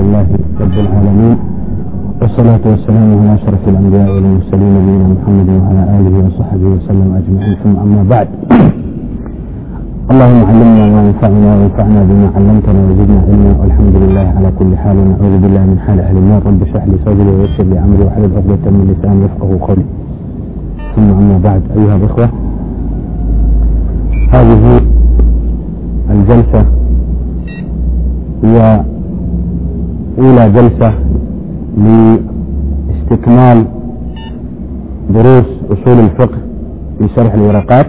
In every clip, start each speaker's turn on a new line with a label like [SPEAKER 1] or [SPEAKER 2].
[SPEAKER 1] الله رب العالمين والصلاة والسلام على أشرف الأنبياء والمرسلين نبينا محمد وعلى آله وصحبه وسلم أجمعين ثم أما بعد اللهم علمنا ما ينفعنا وانفعنا بما علمتنا وزدنا علما والحمد لله على كل حال ونعوذ بالله من حال أهل النار رب اشرح لي صدري ويسر لي أمري واحلل عقدة من لساني يفقه
[SPEAKER 2] قولي ثم أما بعد أيها الإخوة هذه الجلسة هي
[SPEAKER 1] أولى جلسة لاستكمال دروس أصول الفقه في شرح الورقات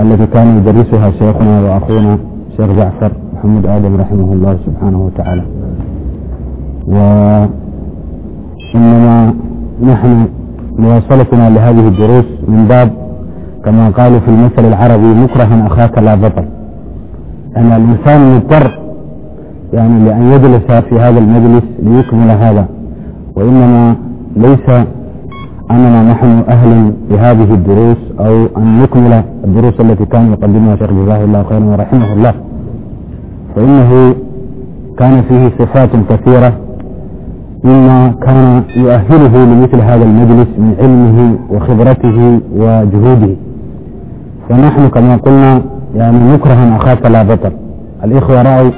[SPEAKER 1] التي كان يدرسها شيخنا وأخونا شيخ جعفر محمد آدم رحمه الله سبحانه وتعالى وإنما نحن مواصلتنا لهذه الدروس من باب كما قالوا في المثل العربي مكرها أخاك لا بطل أن الإنسان مضطر يعني لأن يجلس في هذا المجلس ليكمل هذا وإنما ليس أننا نحن أهل بهذه الدروس أو أن نكمل الدروس التي كان يقدمها شيخ جزاه الله خيرا ورحمه الله فإنه كان فيه صفات كثيرة مما كان يؤهله لمثل هذا المجلس من علمه وخبرته وجهوده فنحن كما قلنا يعني نكره أخاك لا بطل الإخوة رأوا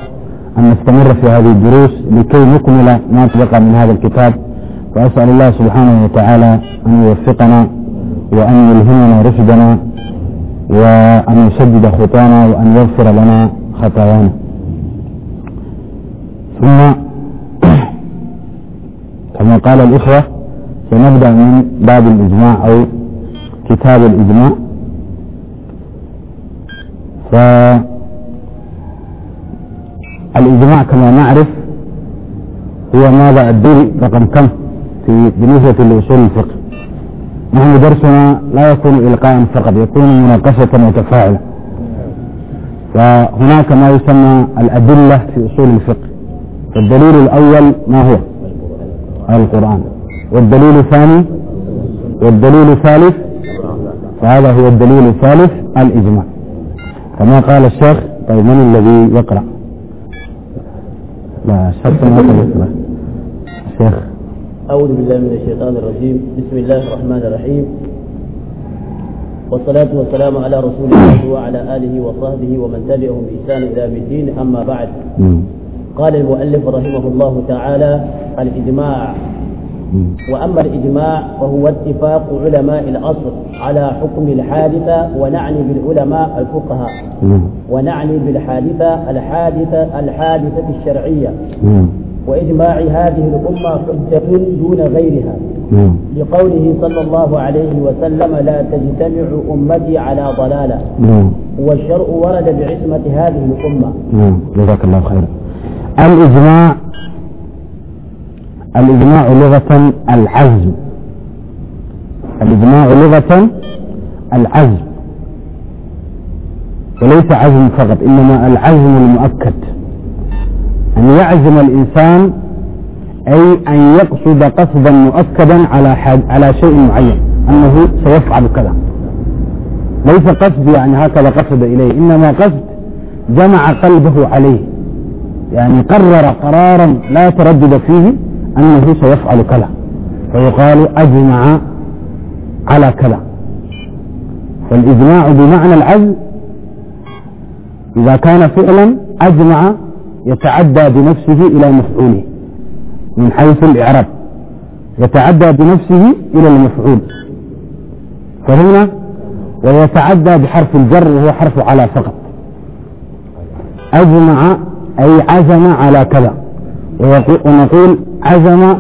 [SPEAKER 1] أن نستمر في هذه الدروس لكي نكمل ما تبقى من هذا الكتاب وأسأل الله سبحانه وتعالى أن يوفقنا وأن يلهمنا رشدنا وأن يسدد خطانا وأن يغفر لنا خطايانا ثم كما قال الإخوة سنبدأ من باب الإجماع أو كتاب الإجماع ف الإجماع كما نعرف هو ماذا الدين رقم كم في بالنسبة لأصول الفقه نحن درسنا لا يكون إلقاء فقط يكون مناقشة متفاعلة فهناك ما يسمى الأدلة في أصول الفقه فالدليل الأول ما هو القرآن والدليل الثاني والدليل الثالث فهذا هو الدليل الثالث الإجماع كما قال الشيخ طيب من الذي يقرأ لا شرط ما
[SPEAKER 2] شيخ
[SPEAKER 3] أعوذ بالله من الشيطان الرجيم بسم الله الرحمن الرحيم والصلاة والسلام على رسول الله وعلى آله وصحبه ومن تبعهم بإحسان إلى الدين أما بعد نعم. قال المؤلف رحمه الله تعالى الإجماع وأما الإجماع فهو اتفاق علماء الأصل على حكم الحادثة ونعني بالعلماء الفقهاء ونعني بالحادثة الحادثة الحادثة الشرعية وإجماع هذه الأمة حجة دون غيرها لقوله صلى الله عليه وسلم لا تجتمع أمتي على ضلالة والشرء ورد بعصمة هذه الأمة
[SPEAKER 2] جزاك الله خيرا الإجماع
[SPEAKER 1] الإجماع لغة العزم الإجماع لغة العزم وليس عزم فقط إنما العزم المؤكد أن يعزم الإنسان أي أن يقصد قصدا مؤكدا على على شيء معين أنه سيفعل كذا ليس قصد يعني هكذا قصد إليه إنما قصد جمع قلبه عليه يعني قرر قرارا لا تردد فيه أنه سيفعل كذا فيقال أجمع على كذا فالإجماع بمعنى العزم إذا كان فعلا أجمع يتعدى بنفسه إلى مفعوله من حيث الإعراب يتعدى بنفسه إلى المفعول فهنا ويتعدى بحرف الجر وهو حرف على فقط أجمع أي عزم على كذا ونقول عزم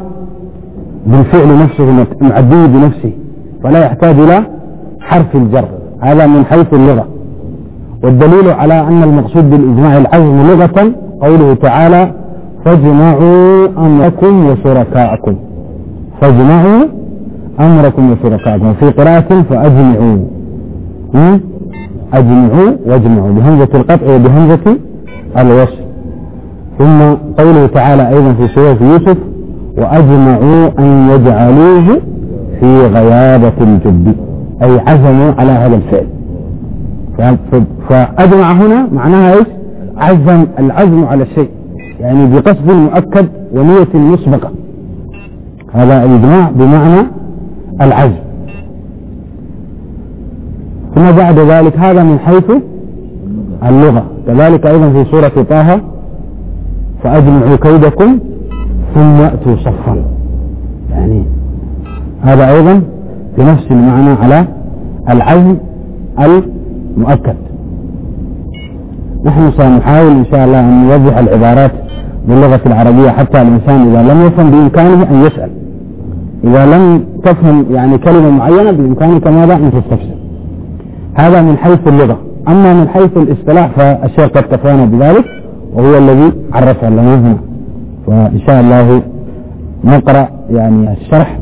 [SPEAKER 1] بالفعل نفسه معديه بنفسه فلا يحتاج إلى حرف الجر هذا من حيث اللغة والدليل على أن المقصود بالإجماع العزم لغة قوله تعالى فاجمعوا أمركم وشركاءكم فاجمعوا أمركم وشركاءكم في قراءة فأجمعوا أجمعوا واجمعوا بهمزة القطع وبهمزة الوصف ثم قوله تعالى أيضا في سورة يوسف وأجمعوا أن يجعلوه في غيابة الجب أي عزموا على هذا الفعل فأجمع هنا معناها إيش عزم العزم على الشيء يعني بقصد مؤكد ونية مسبقة هذا الإجماع بمعنى العزم ثم بعد ذلك هذا من حيث اللغة كذلك أيضا في سورة طه فأجمعوا كيدكم ثم أتوا صفا يعني هذا أيضا بنفس المعنى على العزم المؤكد نحن سنحاول إن شاء الله أن نوضح العبارات باللغة العربية حتى الإنسان إذا لم يفهم بإمكانه أن يسأل إذا لم تفهم يعني كلمة معينة بإمكانك ماذا أن تستفسر هذا من حيث اللغة أما من حيث الاصطلاح فالشيخ قد بذلك وهو الذي عرف لنا هنا وإن شاء الله نقرأ يعني الشرح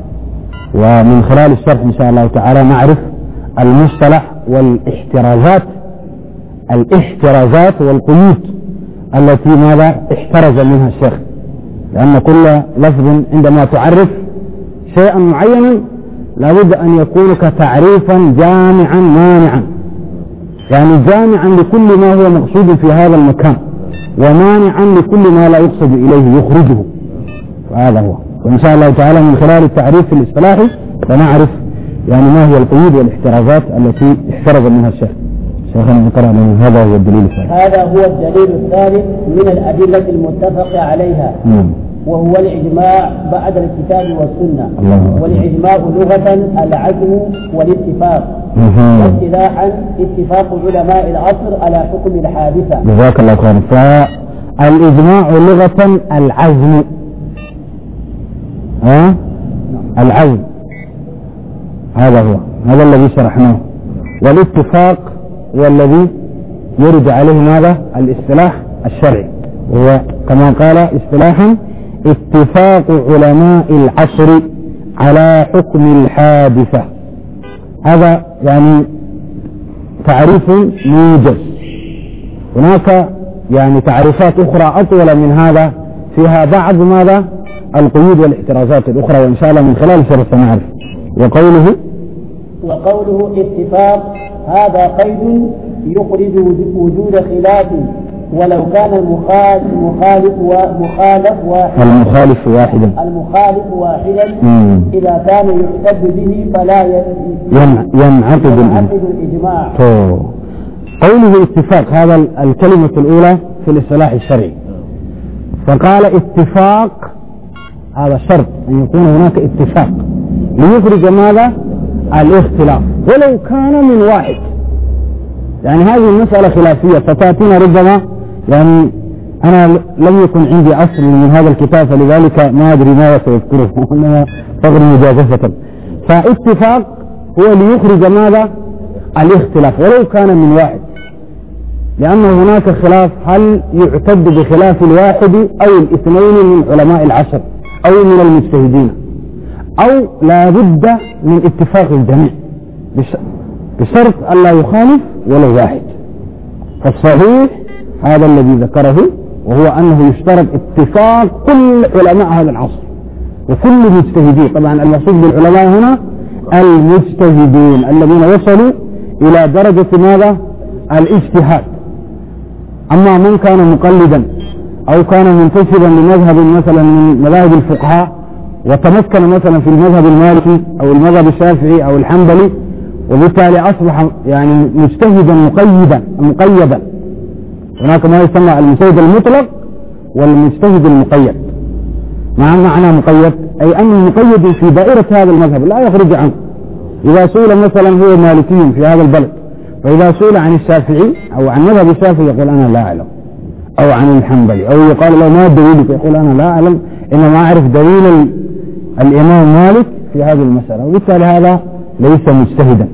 [SPEAKER 1] ومن خلال الشرح إن شاء الله تعالى نعرف المصطلح والاحترازات الاحترازات والقيود التي ماذا احترز منها الشيخ لأن كل لفظ عندما تعرف شيئا معينا لابد أن يكون كتعريفا جامعا مانعا يعني جامعا لكل ما هو مقصود في هذا المكان ومانعا لكل ما لا يقصد إليه يخرجه هذا هو وإن شاء الله تعالى من خلال التعريف الاصطلاحي سنعرف يعني ما هي القيود والاحترازات التي احترز منها الشيخ شيخنا ذكر
[SPEAKER 2] هذا هو الدليل الثالث
[SPEAKER 3] هذا هو الدليل الثالث من الأدلة المتفق عليها مم. نعم. وهو الإجماع بعد الكتاب والسنة والإجماع لغة العزم والاتفاق واصطلاحا اتفاق علماء العصر على حكم الحادثة
[SPEAKER 1] جزاك الله خيرا فالإجماع لغة العزم ها نعم. العزم هذا هو هذا الذي شرحناه والاتفاق هو الذي يرد عليه ماذا الاصطلاح الشرعي وهو كما قال اصطلاحا اتفاق علماء العصر على حكم الحادثة هذا يعني تعريف موجز هناك يعني تعريفات أخرى أطول من هذا فيها بعض ماذا القيود والاحترازات الأخرى وإن شاء الله من خلال شرح سنعرف وقوله
[SPEAKER 3] وقوله اتفاق هذا قيد يخرج وجود خلاف ولو كان المخالف مخالف مخالف واحدا المخالف واحدا المخالف واحدا إذا كان يحتج به فلا ينعقد ينعقد الإجماع
[SPEAKER 2] طيب. قوله اتفاق
[SPEAKER 1] هذا الكلمة الأولى في الاصطلاح الشرعي فقال اتفاق هذا شرط أن يكون هناك اتفاق ليخرج ماذا الاختلاف ولو كان من واحد يعني هذه المسألة خلافية ستأتينا ربما يعني أنا لم يكن عندي أصل من هذا الكتاب فلذلك ما أدري ماذا سيذكره إنما فقر مجازفة فاتفاق هو ليخرج ماذا الاختلاف ولو كان من واحد لأن هناك خلاف هل يعتد بخلاف الواحد أو الاثنين من علماء العشر أو من المجتهدين أو لا بد من اتفاق الجميع بشرط ألا يخالف ولو واحد فالصحيح هذا الذي ذكره وهو أنه يشترط اتفاق كل علماء هذا العصر وكل مجتهدين طبعا المقصود بالعلماء هنا المجتهدين الذين وصلوا إلى درجة ماذا الاجتهاد أما من كان مقلدا أو كان منتسبا لمذهب مثلا من مذاهب الفقهاء وتمكن مثلا في المذهب المالكي أو المذهب الشافعي أو الحنبلي وبالتالي أصبح يعني مجتهدا مقيدا مقيدا هناك ما يسمى المجتهد المطلق والمجتهد المقيد مع معنى مقيد أي أن المقيد في دائرة هذا المذهب لا يخرج عنه إذا سئل مثلا هو مالكي في هذا البلد فإذا سئل عن الشافعي أو عن مذهب الشافعي يقول أنا لا أعلم أو عن الحنبلي أو يقال له ما دليلك يقول أنا لا أعلم إنما أعرف دليل الإمام مالك في هذه المسألة وبالتالي هذا ليس مجتهدا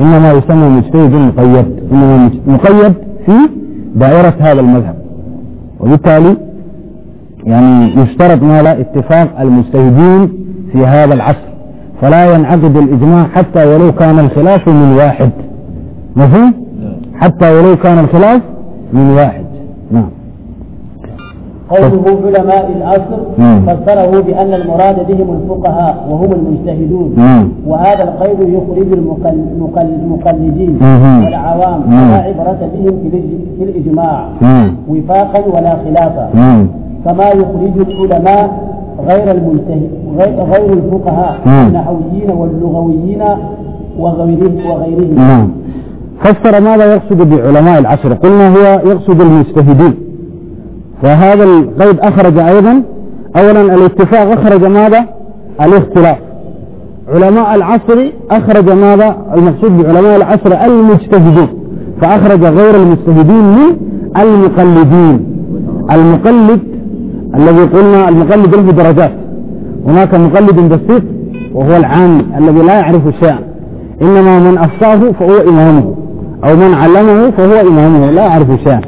[SPEAKER 1] إنما يسمى مجتهد مقيد إنما مقيد في دائرة هذا المذهب وبالتالي يعني يشترط لا اتفاق المجتهدين في هذا العصر فلا ينعقد الإجماع حتى ولو كان الخلاف من واحد مفهوم؟ نعم. حتى ولو كان الخلاف
[SPEAKER 2] من واحد نعم
[SPEAKER 3] قوله علماء العصر فسره بأن المراد بهم الفقهاء وهم المجتهدون وهذا القيد يخرج المقلدين والعوام ولا عبرة بهم في الإجماع وفاقا ولا خلافا كما يخرج العلماء غير المجتهد غير الفقهاء النحويين واللغويين وغيرهم وغيرهم
[SPEAKER 1] فسر ماذا يقصد بعلماء العصر قلنا هو يقصد المجتهدين وهذا القيد أخرج أيضا أولا الاتفاق أخرج ماذا الاختلاف علماء العصر أخرج ماذا المقصود بعلماء العصر المجتهدين فأخرج غير المجتهدين من المقلدين المقلد الذي قلنا المقلد له درجات هناك مقلد بسيط وهو العام الذي لا يعرف شيئا إنما من أفتاه فهو إمامه أو من علمه فهو إمامه لا يعرف شيئا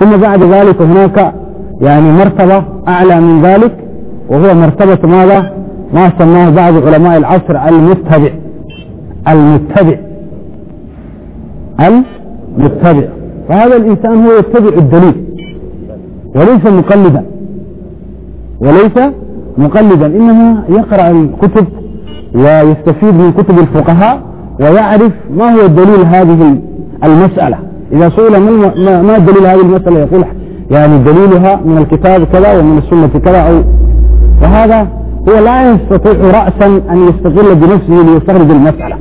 [SPEAKER 1] ثم بعد ذلك هناك يعني مرتبة أعلى من ذلك وهو مرتبة ماذا ما سماه بعض علماء العصر المتبع المتبع المتبع فهذا الإنسان هو يتبع الدليل وليس مقلدا وليس مقلدا إنما يقرأ الكتب ويستفيد من كتب الفقهاء ويعرف ما هو الدليل هذه المسألة إذا سئل ما دليل هذه المسألة يقول يعني دليلها من الكتاب كذا ومن السنة كذا أو فهذا هو لا يستطيع رأسا أن يستغل بنفسه ليستخرج المسألة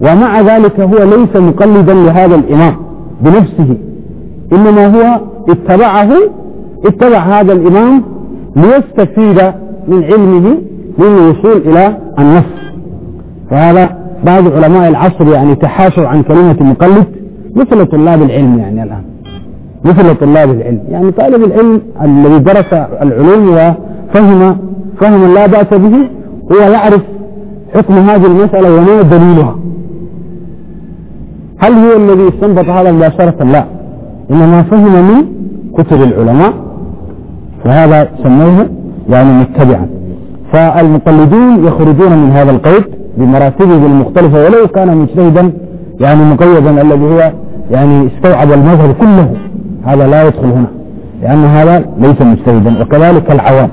[SPEAKER 1] ومع ذلك هو ليس مقلدا لهذا الإمام بنفسه إنما هو اتبعه اتبع هذا الإمام ليستفيد من علمه للوصول إلى النص فهذا بعض علماء العصر يعني تحاشوا عن كلمة مقلد مثل طلاب العلم يعني الآن مثل طلاب العلم يعني طالب العلم الذي درس العلوم وفهم فهما لا بأس به هو يعرف حكم هذه المسألة وما دليلها هل هو الذي استنبط هذا مباشرة لا إنما فهم من كتب العلماء فهذا سموه يعني متبعا فالمقلدون يخرجون من هذا القيد بمراتبه المختلفة ولو كان مجتهدا يعني مقيدا الذي هو يعني استوعب المذهب كله هذا لا يدخل هنا لأن هذا ليس مجتهدا وكذلك العوام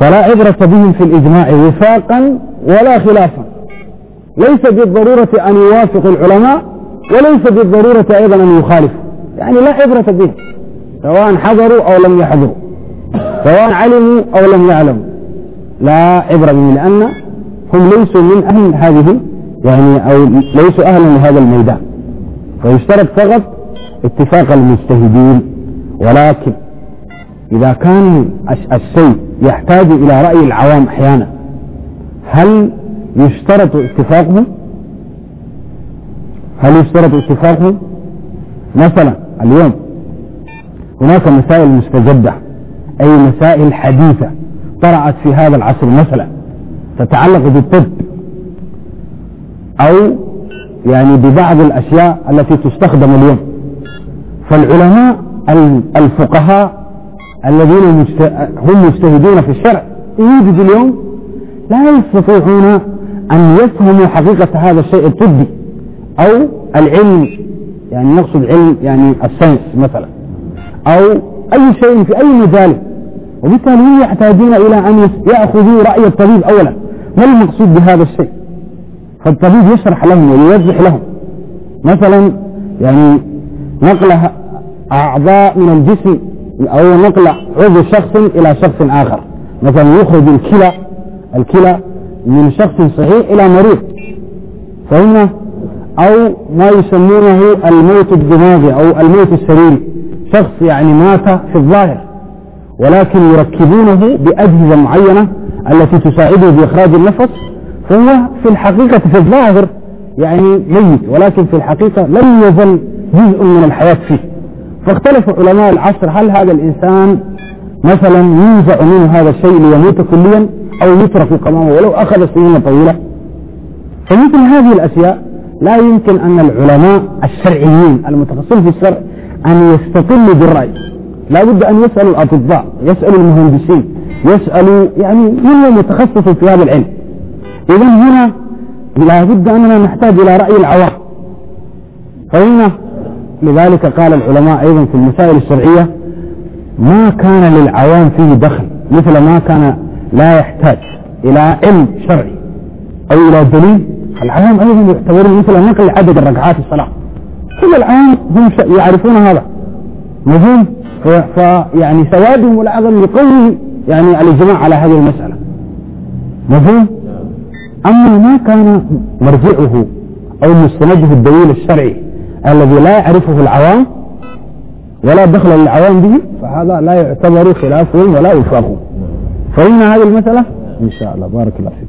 [SPEAKER 1] فلا عبرة بهم في الإجماع وفاقا ولا خلافا ليس بالضرورة أن يوافق العلماء وليس بالضرورة أيضا أن يخالفوا يعني لا عبرة بهم سواء حضروا أو لم يحضروا سواء علموا أو لم يعلموا لا عبرة بهم لأن هم ليسوا من أهل هذه يعني أو ليسوا أهلا لهذا الميدان فيشترط فقط اتفاق المجتهدين ولكن إذا كان الشيء يحتاج إلى رأي العوام أحيانا هل يشترط اتفاقهم؟ هل يشترط اتفاقهم؟ مثلا اليوم هناك مسائل مستجدة أي مسائل حديثة طرأت في هذا العصر مثلا تتعلق بالطب أو يعني ببعض الأشياء التي تستخدم اليوم فالعلماء الفقهاء الذين هم مجتهدون في الشرع يوجد اليوم لا يستطيعون أن يفهموا حقيقة هذا الشيء الطبي أو العلم يعني نقصد علم يعني الساينس مثلا أو أي شيء في أي مجال وبالتالي هم يحتاجون إلى أن يأخذوا رأي الطبيب أولا ما المقصود بهذا الشيء فالطبيب يشرح لهم ويوضح لهم مثلا يعني نقل أعضاء من الجسم أو نقل عضو شخص إلى شخص آخر مثلا يخرج الكلى الكلى من شخص صحيح إلى مريض فهمنا أو ما يسمونه الموت الدماغي أو الموت السريري شخص يعني مات في الظاهر ولكن يركبونه بأجهزة معينة التي تساعده بإخراج النفس فهو في الحقيقة في الظاهر يعني ميت ولكن في الحقيقة لم يظل جزء من الحياة فيه فاختلف علماء العصر هل هذا الإنسان مثلا ينزع منه هذا الشيء ليموت كليا أو يترك قمامه ولو أخذ سنين طويلة فمثل هذه الأشياء لا يمكن أن العلماء الشرعيين المتخصصين في الشرع أن يستقلوا بالرأي لا بد أن يسألوا الأطباء يسألوا المهندسين يسألوا يعني من هو متخصص في هذا العلم إذا هنا لا بد أننا نحتاج إلى رأي العوام فهنا لذلك قال العلماء أيضا في المسائل الشرعية ما كان للعوام فيه دخل مثل ما كان لا يحتاج إلى علم شرعي أو إلى دليل العوام أيضا يعتبرون مثل نقل عدد الركعات الصلاة كل العام هم يعرفون هذا مفهوم فيعني سوادهم العظم يقوي يعني الإجماع على هذه المسألة مفهوم أما ما كان مرجعه أو مستنده الدليل الشرعي الذي لا يعرفه العوام ولا دخل للعوام به فهذا لا يعتبر خلافه ولا وفاقه فإن هذه المسألة إن شاء الله بارك الله فيك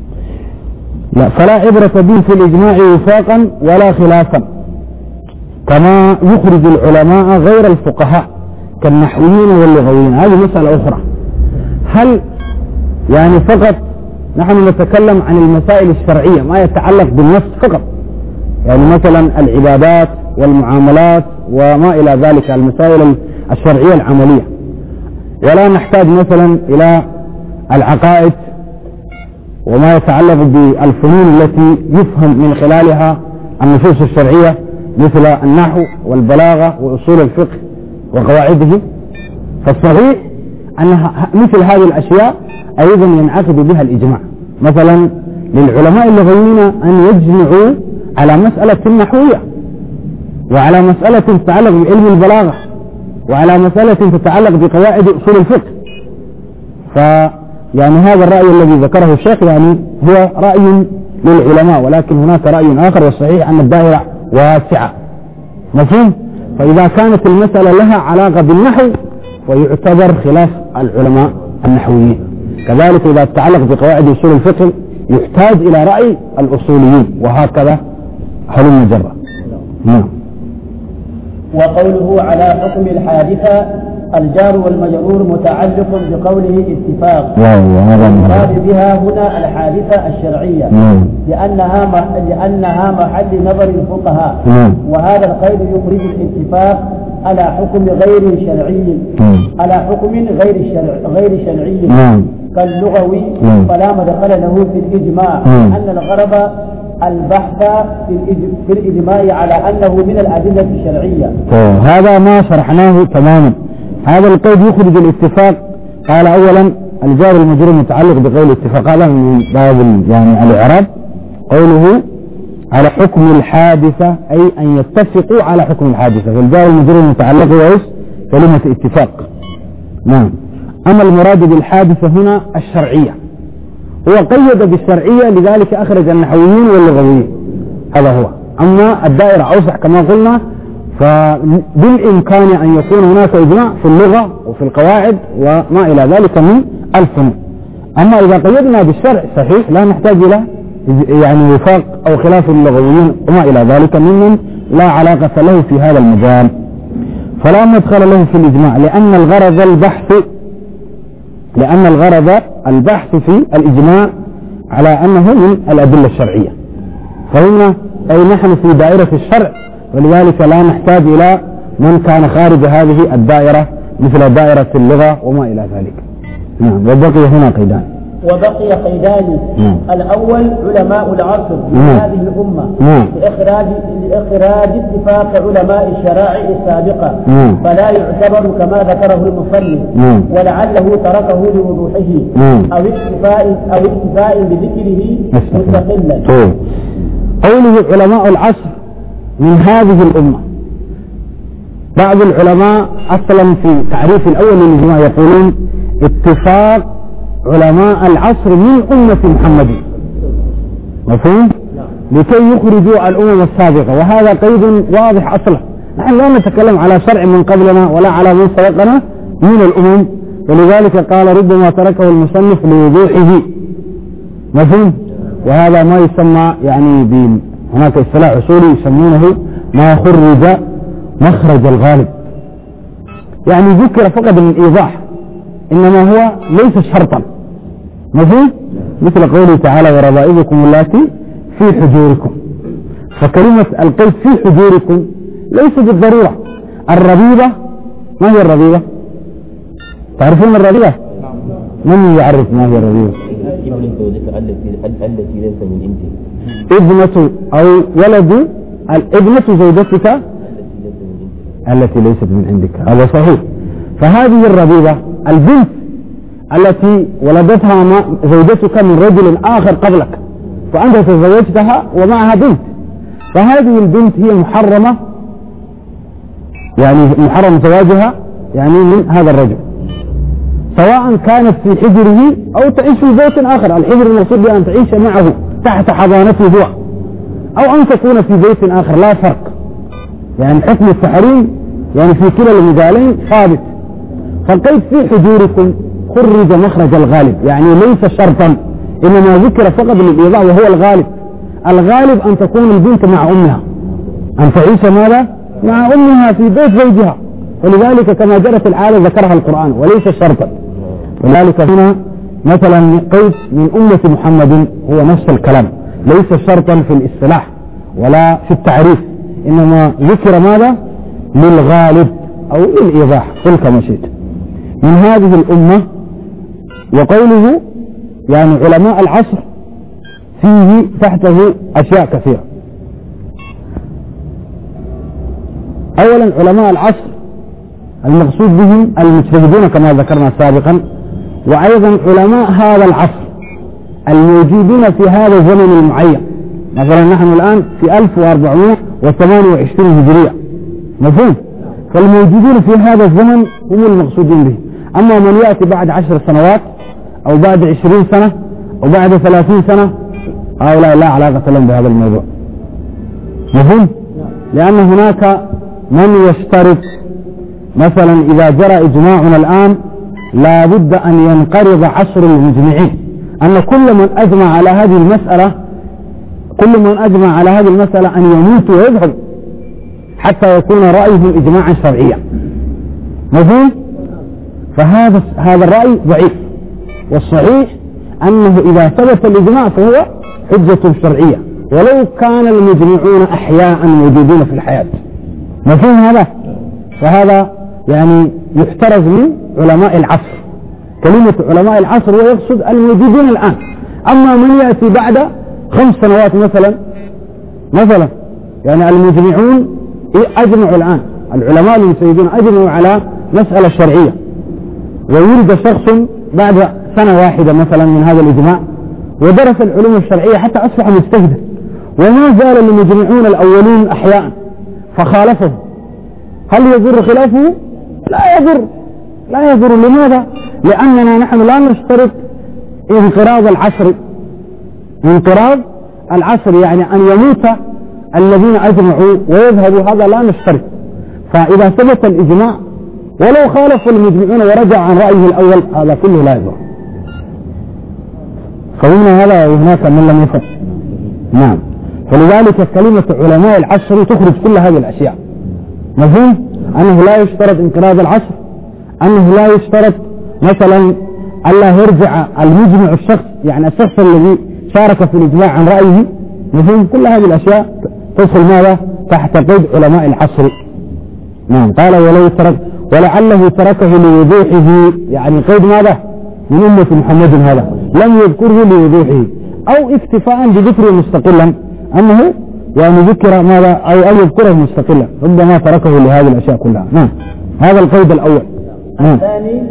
[SPEAKER 1] لا فلا عبرة به في الإجماع وفاقا ولا خلافا كما يخرج العلماء غير الفقهاء كالنحويين واللغويين هذه مسألة أخرى هل يعني فقط نحن نتكلم عن المسائل الشرعية ما يتعلق بالنص فقط يعني مثلا العبادات والمعاملات وما إلى ذلك المسائل الشرعية العملية ولا نحتاج مثلا إلى العقائد وما يتعلق بالفنون التي يفهم من خلالها النصوص الشرعية مثل النحو والبلاغة وأصول الفقه وقواعده فالصحيح أن مثل هذه الأشياء أيضا ينعقد بها الإجماع مثلا للعلماء اللغويين أن يجمعوا على مسألة نحوية وعلى مسألة تتعلق بعلم البلاغة وعلى مسألة تتعلق بقواعد أصول الفقه ف يعني هذا الرأي الذي ذكره الشيخ يعني هو رأي للعلماء ولكن هناك رأي آخر والصحيح أن الدائرة واسعة مفهوم فإذا كانت المسألة لها علاقة بالنحو ويعتبر خلاف العلماء النحويين كذلك إذا تتعلق بقواعد أصول الفقه يحتاج إلى رأي الأصوليين وهكذا هلم المجرة نعم
[SPEAKER 3] وقوله على حكم الحادثة الجار والمجرور متعلق بقوله اتفاق المراد بها هنا الحادثة الشرعية نعم. لأنها لأنها محل نظر الفقهاء نعم. وهذا القيد يخرج الاتفاق على حكم غير شرعي نعم. على حكم غير شرع غير شرعي كاللغوي فلا مدخل له في الإجماع أن الغرب البحث في الإجماع على أنه من الأدلة الشرعية
[SPEAKER 1] هذا ما شرحناه تماما هذا القيد يخرج الاتفاق قال أولا الجار المجرور متعلق بقول الاتفاق هذا من باب يعني الإعراب قوله على حكم الحادثة أي أن يتفقوا على حكم الحادثة فالجار المجرور متعلق هو كلمة اتفاق نعم أما المراد بالحادثة هنا الشرعية هو قيد بالشرعية لذلك أخرج النحويين واللغويين هذا هو أما الدائرة أوسع كما قلنا فبالإمكان أن يكون هناك إجماع في اللغة وفي القواعد وما إلى ذلك من الفنون أما إذا قيدنا بالشرع صحيح لا نحتاج إلى يعني وفاق أو خلاف اللغويين وما إلى ذلك ممن لا علاقة له في هذا المجال فلا مدخل له في الإجماع لأن الغرض البحث لأن الغرض البحث في الإجماع على أنه من الأدلة الشرعية فهنا أي نحن في دائرة الشرع ولذلك لا نحتاج إلى من كان خارج هذه الدائرة مثل دائرة اللغة وما إلى ذلك نعم وبقي هنا قيدان
[SPEAKER 3] وبقي قيدان الأول علماء العصر من هذه الأمة لإخراج لإخراج اتفاق علماء الشرائع السابقة فلا يعتبر كما ذكره المصلي ولعله تركه لوضوحه أو اكتفاء أو اكتفاء بذكره مستقلا طيب. قوله علماء العصر
[SPEAKER 1] من هذه الأمة بعض العلماء أصلا في تعريف الأول من يقولون اتفاق علماء العصر من أمة محمد مفهوم؟ لكي يخرجوا الأمم السابقة وهذا قيد واضح أصلا نحن لا نتكلم على شرع من قبلنا ولا على من سبقنا من الأمم ولذلك قال ربما تركه المصنف لوضوحه مفهوم؟ وهذا ما يسمى يعني ب هناك اصطلاح اصولي يسمونه ما خرج مخرج الغالب يعني ذكر فقط للايضاح انما هو ليس شرطا مفهوم مثل قوله تعالى وربائبكم اللاتي في حجوركم فكلمة القلب في حجوركم ليس بالضرورة الربيبة ما هي الربيبة تعرفون الربيبة من يعرف ما هي الربيبة
[SPEAKER 3] التي من
[SPEAKER 1] ابنة او ولد الابنة زوجتك التي ليست من عندك هذا صحيح فهذه الربيبة البنت التي ولدتها زوجتك من رجل آخر قبلك فأنت تزوجتها ومعها بنت فهذه البنت هي محرمة يعني محرم زواجها يعني من هذا الرجل سواء كانت في حجره أو تعيش في بيت آخر الحجر المقصود بأن تعيش معه تحت حضانته هو أو أن تكون في بيت آخر لا فرق يعني حكم التحريم يعني في كلا المجالين ثابت فكيف في حجوركم خرج مخرج الغالب يعني ليس شرطا إنما ذكر فقط للإيضاح وهو الغالب الغالب أن تكون البنت مع أمها أن تعيش ماذا مع أمها في بيت زوجها ولذلك كما جرت في العادة ذكرها القرآن وليس شرطا ولذلك هنا مثلا قيس من أمة محمد هو نفس الكلام ليس شرطا في الاصطلاح ولا في التعريف إنما ذكر ماذا للغالب أو للإيضاح قل كما شئت من هذه الأمة وقوله يعني علماء العصر فيه تحته أشياء كثيرة أولا علماء العصر المقصود بهم المجتهدون كما ذكرنا سابقا وأيضا علماء هذا العصر الموجودين في هذا الزمن المعين مثلا نحن الآن في 1428 هجرية مفهوم فالموجودين في هذا الزمن هم المقصودين به أما من يأتي بعد عشر سنوات أو بعد عشرين سنة أو بعد ثلاثين سنة هؤلاء لا علاقة لهم بهذا الموضوع مفهوم؟ لأن هناك من يشترط مثلا إذا جرى إجماعنا الآن لابد أن ينقرض عشر المجمعين أن كل من أجمع على هذه المسألة كل من أجمع على هذه المسألة أن يموت ويذهب حتى يكون رأيهم إجماعا شرعيا مفهوم؟ فهذا هذا الرأي ضعيف والصحيح أنه إذا ثبت الإجماع فهو حجة شرعية ولو كان المجمعون أحياء موجودين في الحياة مفهوم هذا فهذا يعني يحترز من علماء العصر كلمة علماء العصر هو يقصد الموجودين الآن أما من يأتي بعد خمس سنوات مثلا مثلا يعني المجمعون أجمعوا الآن العلماء المسيدون أجمعوا على مسألة شرعية ويولد شخص بعد سنة واحدة مثلا من هذا الإجماع ودرس العلوم الشرعية حتى أصبح مجتهدا وما زال المجمعون الأولون أحياء فخالفه هل يضر خلافه؟ لا يضر لا يضر لماذا؟ لأننا نحن لا نشترط انقراض العشر انقراض العشر يعني أن يموت الذين أجمعوا ويذهبوا هذا لا نشترط فإذا ثبت الإجماع ولو خالف المجمعون ورجع عن رأيه الأول هذا كله لا يضر فمن هذا هناك من لم يفهم نعم فلذلك كلمة علماء العشر تخرج كل هذه الأشياء مفهوم؟ أنه لا يشترط انقراض العشر أنه لا يشترط مثلا ألا يرجع المجمع الشخص يعني الشخص الذي شارك في الإجماع عن رأيه مفهوم كل هذه الأشياء تدخل ماذا تحت قيد علماء العشر نعم قال ولو ترك ولعله تركه لوضوحه يعني قيد ماذا من أمة محمد هذا لم يذكره لوضوحه أو اكتفاء بذكره مستقلا أنه يعني ذكر ماذا أو أن يذكره مستقلا ربما تركه لهذه الأشياء كلها نعم هذا القيد الأول
[SPEAKER 3] نعم. الثاني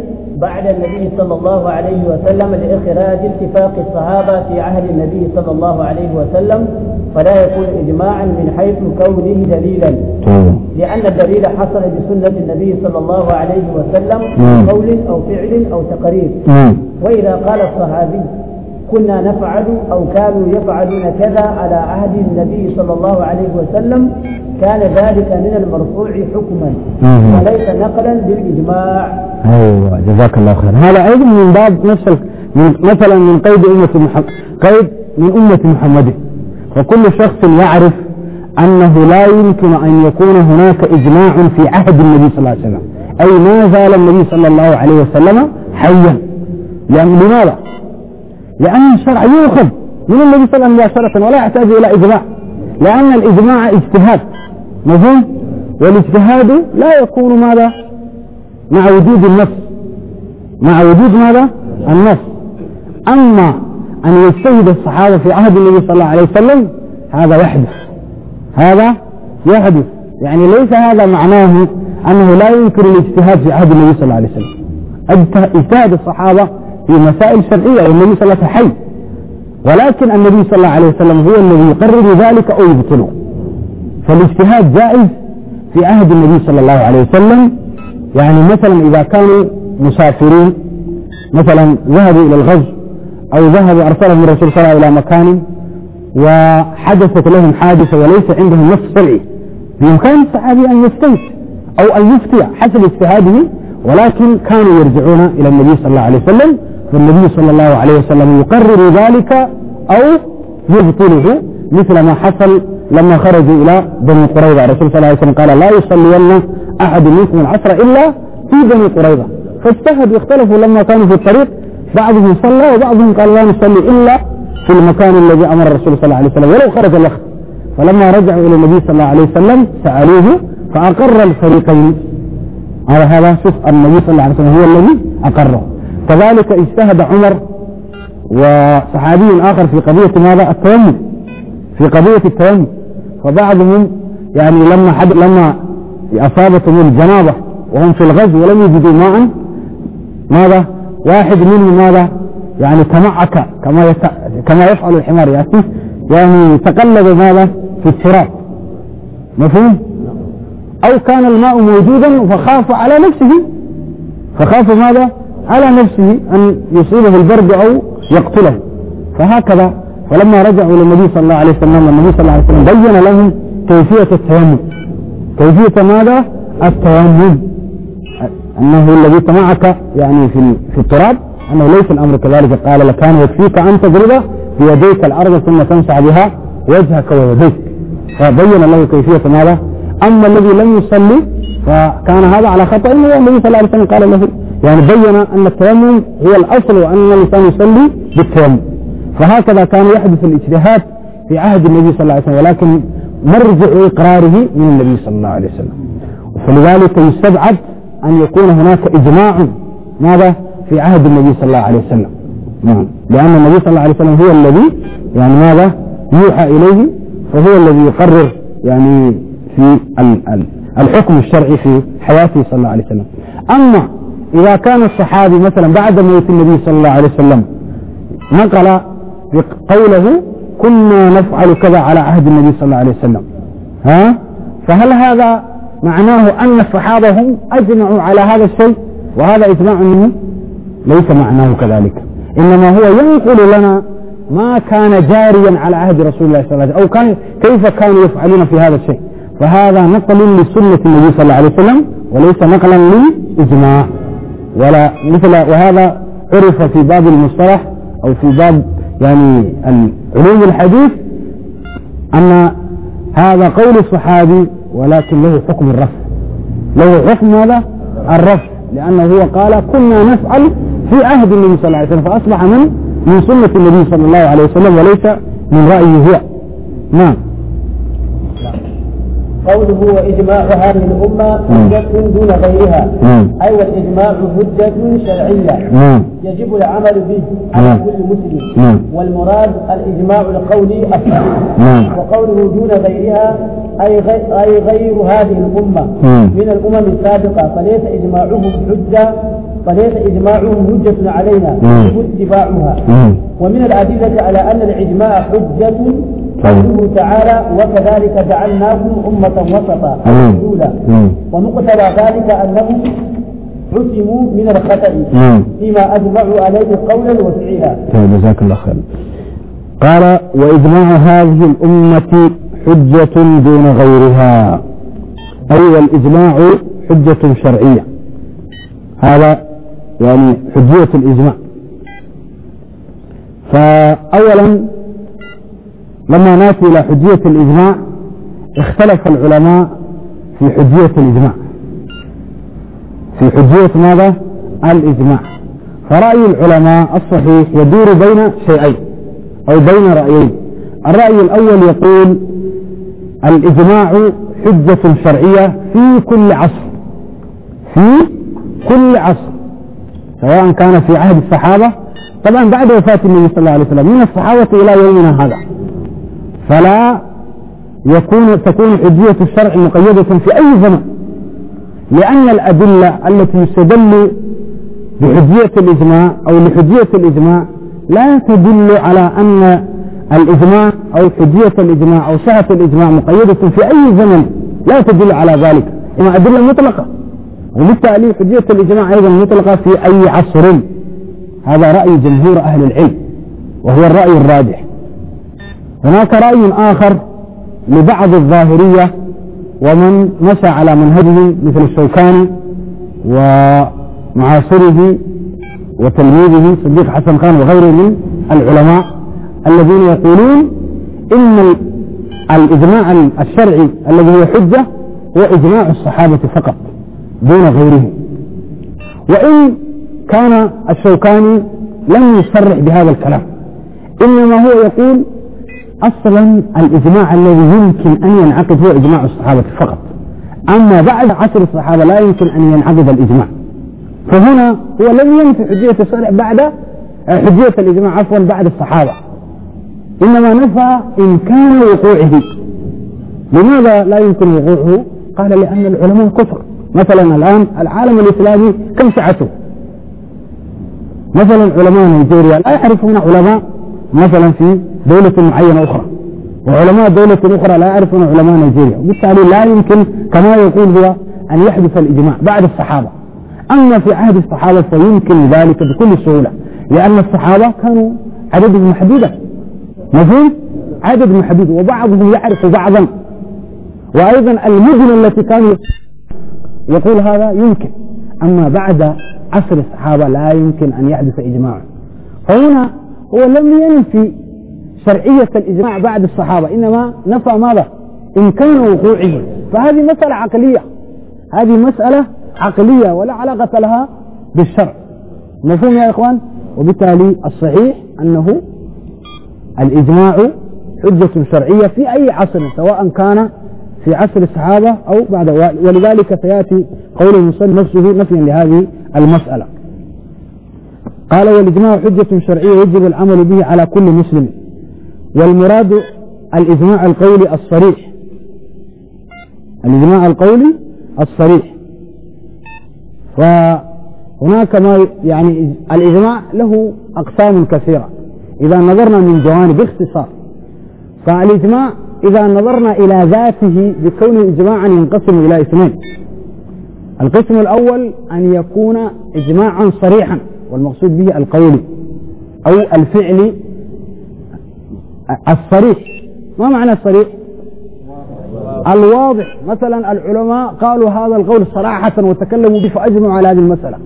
[SPEAKER 3] بعد النبي صلى الله عليه وسلم لإخراج اتفاق الصحابة في عهد النبي صلى الله عليه وسلم فلا يكون إجماعا من حيث كونه دليلا لأن الدليل حصل بسنة النبي صلى الله عليه وسلم قول أو فعل أو تقرير وإذا قال الصحابي كنا نفعل أو كانوا يفعلون كذا على عهد النبي صلى الله عليه وسلم كان ذلك من المرفوع حكما وليس نقلا بالإجماع
[SPEAKER 2] أيوة جزاك الله خير هذا أيضا من باب نفس
[SPEAKER 1] من مثلا من قيد أمة محمد قيد من أمة محمد وكل شخص يعرف أنه لا يمكن أن يكون هناك إجماع في عهد النبي صلى الله عليه وسلم أي ما زال النبي صلى الله عليه وسلم حيا لأن لماذا؟ لأن الشرع يؤخذ من النبي صلى الله عليه وسلم مباشرة ولا يحتاج إلى إجماع لأن الإجماع اجتهاد مفهوم والاجتهاد لا يكون ماذا مع وجود النص مع وجود ماذا النص أما أن يجتهد الصحابة في عهد النبي صلى الله عليه وسلم هذا يحدث هذا يحدث يعني ليس هذا معناه أنه لا يمكن الاجتهاد في عهد النبي صلى الله عليه وسلم اجتهد الصحابة في مسائل شرعية والنبي يعني صلى الله عليه وسلم حي ولكن النبي صلى الله عليه وسلم هو الذي يقرر ذلك أو يبطله فالاجتهاد جائز في عهد النبي صلى الله عليه وسلم يعني مثلا إذا كانوا مسافرين مثلا ذهبوا إلى الغزو أو ذهبوا أرسلهم الرسول صلى الله عليه وسلم إلى مكان وحدثت لهم حادثة وليس عندهم نص شرعي بإمكان الصحابي أن يستيت أو أن يفتي حسب اجتهاده ولكن كانوا يرجعون إلى النبي صلى الله عليه وسلم والنبي صلى الله عليه وسلم يقرر ذلك أو يبطله مثل ما حصل لما خرجوا إلى بني قريظة الرسول صلى الله عليه وسلم قال لا يصلين أحد منكم العصر إلا في بني قريظة فاجتهدوا واختلفوا لما كانوا في الطريق بعضهم صلى وبعضهم قال لا نصلي إلا في المكان الذي أمر الرسول صلى الله عليه وسلم ولو خرج الوقت فلما رجعوا إلى النبي صلى الله عليه وسلم سألوه فأقر الفريقين على هذا شوف النبي صلى الله عليه وسلم هو الذي أقره كذلك اجتهد عمر وصحابي آخر في قضية ماذا التومي في قضية التومي فبعضهم يعني لما حد لما أصابتهم الجنابة وهم في الغزو ولم يجدوا ماء ماذا واحد منهم ماذا يعني تمعك كما كما يفعل الحمار يأتي يعني تقلب ماذا في التراب مفهوم أو كان الماء موجودا فخاف على نفسه فخاف ماذا على نفسه أن يصيبه البرد أو يقتله فهكذا فلما رجعوا للنبي صلى الله عليه وسلم النبي صلى الله عليه وسلم بين لهم كيفية التيمم كيفية ماذا؟ التيمم أنه الذي طمعك يعني في في التراب أنه ليس الأمر كذلك قال لكان يكفيك أن تضرب بيديك الأرض ثم تنفع بها وجهك ويديك فبين له كيفية ماذا أما الذي لم يصلي فكان هذا على خطأ النبي صلى الله عليه وسلم قال له يعني بين أن التيمم هو الأصل وأن الإنسان يصلي بالتيمم فهكذا كان يحدث الإجتهاد في عهد النبي صلى الله عليه وسلم ولكن مرجع إقراره من النبي صلى الله عليه وسلم فلذلك يستبعد أن يكون هناك إجماع ماذا في عهد النبي صلى الله عليه وسلم نعم لأن النبي صلى الله عليه وسلم هو الذي يعني ماذا يوحى إليه فهو الذي يقرر يعني في الحكم الشرعي في حياته صلى الله عليه وسلم أما إذا كان الصحابي مثلا بعد موت النبي صلى الله عليه وسلم نقل قوله كنا نفعل كذا على عهد النبي صلى الله عليه وسلم ها فهل هذا معناه أن الصحابة هم أجمعوا على هذا الشيء وهذا إجماع منه ليس معناه كذلك إنما هو ينقل لنا ما كان جاريا على عهد رسول الله صلى الله عليه وسلم أو كان كيف كانوا يفعلون في هذا الشيء فهذا نقل لسنة النبي صلى الله عليه وسلم وليس نقلا للإجماع ولا مثل وهذا عرف في باب المصطلح أو في باب يعني علوم الحديث أن هذا قول الصحابي ولكن له حكم الرفع له حكم ماذا؟ الرفع لأنه هو قال كنا نفعل في عهد النبي صلى الله عليه وسلم فأصبح من من سنة النبي صلى الله عليه وسلم وليس من رأيه هو نعم
[SPEAKER 3] قوله وإجماع هذه الأمة حجة دون غيرها أي والإجماع حجة شرعية يجب العمل به على كل مسلم والمراد الإجماع القولي الصحيح وقوله دون غيرها أي غير, أي غير هذه الأمة من الأمم السابقة فليس إجماعهم حجة فليس إجماعهم حجة علينا يجب اتباعها ومن الأدلة على أن الإجماع حجة طيب. قوله تعالى وكذلك جعلناكم أمة وسطا رسولا ومقتضى ذلك أنهم حسموا من الخطأ فيما أجمعوا عليه قولا وفعلا.
[SPEAKER 1] طيب جزاك الله خير. قال وإجماع هذه الأمة حجة دون غيرها أي الإجماع حجة شرعية هذا يعني حجية الإجماع فأولا لما ناتي إلى حجية الإجماع اختلف العلماء في حجية الإجماع في حجية ماذا الإجماع فرأي العلماء الصحيح يدور بين شيئين أو بين رأيين الرأي الأول يقول الإجماع حجة شرعية في كل عصر في كل عصر سواء كان في عهد الصحابة طبعا بعد وفاة النبي صلى الله عليه وسلم من الصحابة إلى يومنا هذا فلا يكون تكون حجية الشرع مقيدة في أي زمن لأن الأدلة التي يستدل بحجية الإجماع أو لحجية الإجماع لا تدل على أن الإجماع أو حجية الإجماع أو صحة الإجماع مقيدة في أي زمن لا تدل على ذلك إما أدلة مطلقة وبالتالي حجية الإجماع أيضا مطلقة في أي عصر هذا رأي جمهور أهل العلم وهو الرأي الراجح هناك رأي آخر لبعض الظاهرية ومن مشى على منهجه مثل الشوكاني ومعاصره وتلميذه صديق حسن خان وغيره من العلماء الذين يقولون إن الإجماع الشرعي الذي هو حجة هو إجماع الصحابة فقط دون غيرهم وإن كان الشوكاني لم يصرح بهذا الكلام إنما هو يقول أصلا الإجماع الذي يمكن أن ينعقد هو إجماع الصحابة فقط أما بعد عصر الصحابة لا يمكن أن ينعقد الإجماع فهنا هو لم ينفي حجية الشرع بعد آه، حجية الإجماع عفوا بعد الصحابة إنما نفى إمكان وقوعه لماذا لا يمكن وقوعه قال لأن العلماء كفر مثلا الآن العالم الإسلامي كم سعته مثلا علماء نيجيريا لا يعرفون علماء مثلا في دولة معينة أخرى وعلماء دولة أخرى لا يعرفون علماء نيجيريا وبالتالي لا يمكن كما يقول هو أن يحدث الإجماع بعد الصحابة أما في عهد الصحابة فيمكن ذلك بكل سهولة لأن الصحابة كانوا عددهم محدودا مفهوم؟ عدد محدود وبعضهم يعرف بعضا وأيضا المدن التي كان يقول هذا يمكن أما بعد عصر الصحابة لا يمكن أن يحدث إجماع فهنا هو لم ينفي شرعية الإجماع بعد الصحابة إنما نفى ماذا إمكان وقوعه فهذه مسألة عقلية هذه مسألة عقلية ولا علاقة لها بالشرع مفهوم يا إخوان وبالتالي الصحيح أنه الإجماع حجة شرعية في أي عصر سواء كان في عصر الصحابة أو بعد ولذلك سيأتي قول المصلي نفسه نفيا لهذه المسألة قال والإجماع حجة شرعية يجب العمل به على كل مسلم والمراد الإجماع القولي الصريح الإجماع القولي الصريح فهناك ما يعني الإجماع له أقسام كثيرة إذا نظرنا من جوانب باختصار فالإجماع إذا نظرنا إلى ذاته بكونه إجماعا ينقسم إلى اثنين القسم الأول أن يكون إجماعا صريحا والمقصود به القول أو الفعل الصريح ما معنى الصريح الواضح مثلا العلماء قالوا هذا القول صراحة وتكلموا به فأجمعوا على هذه المسألة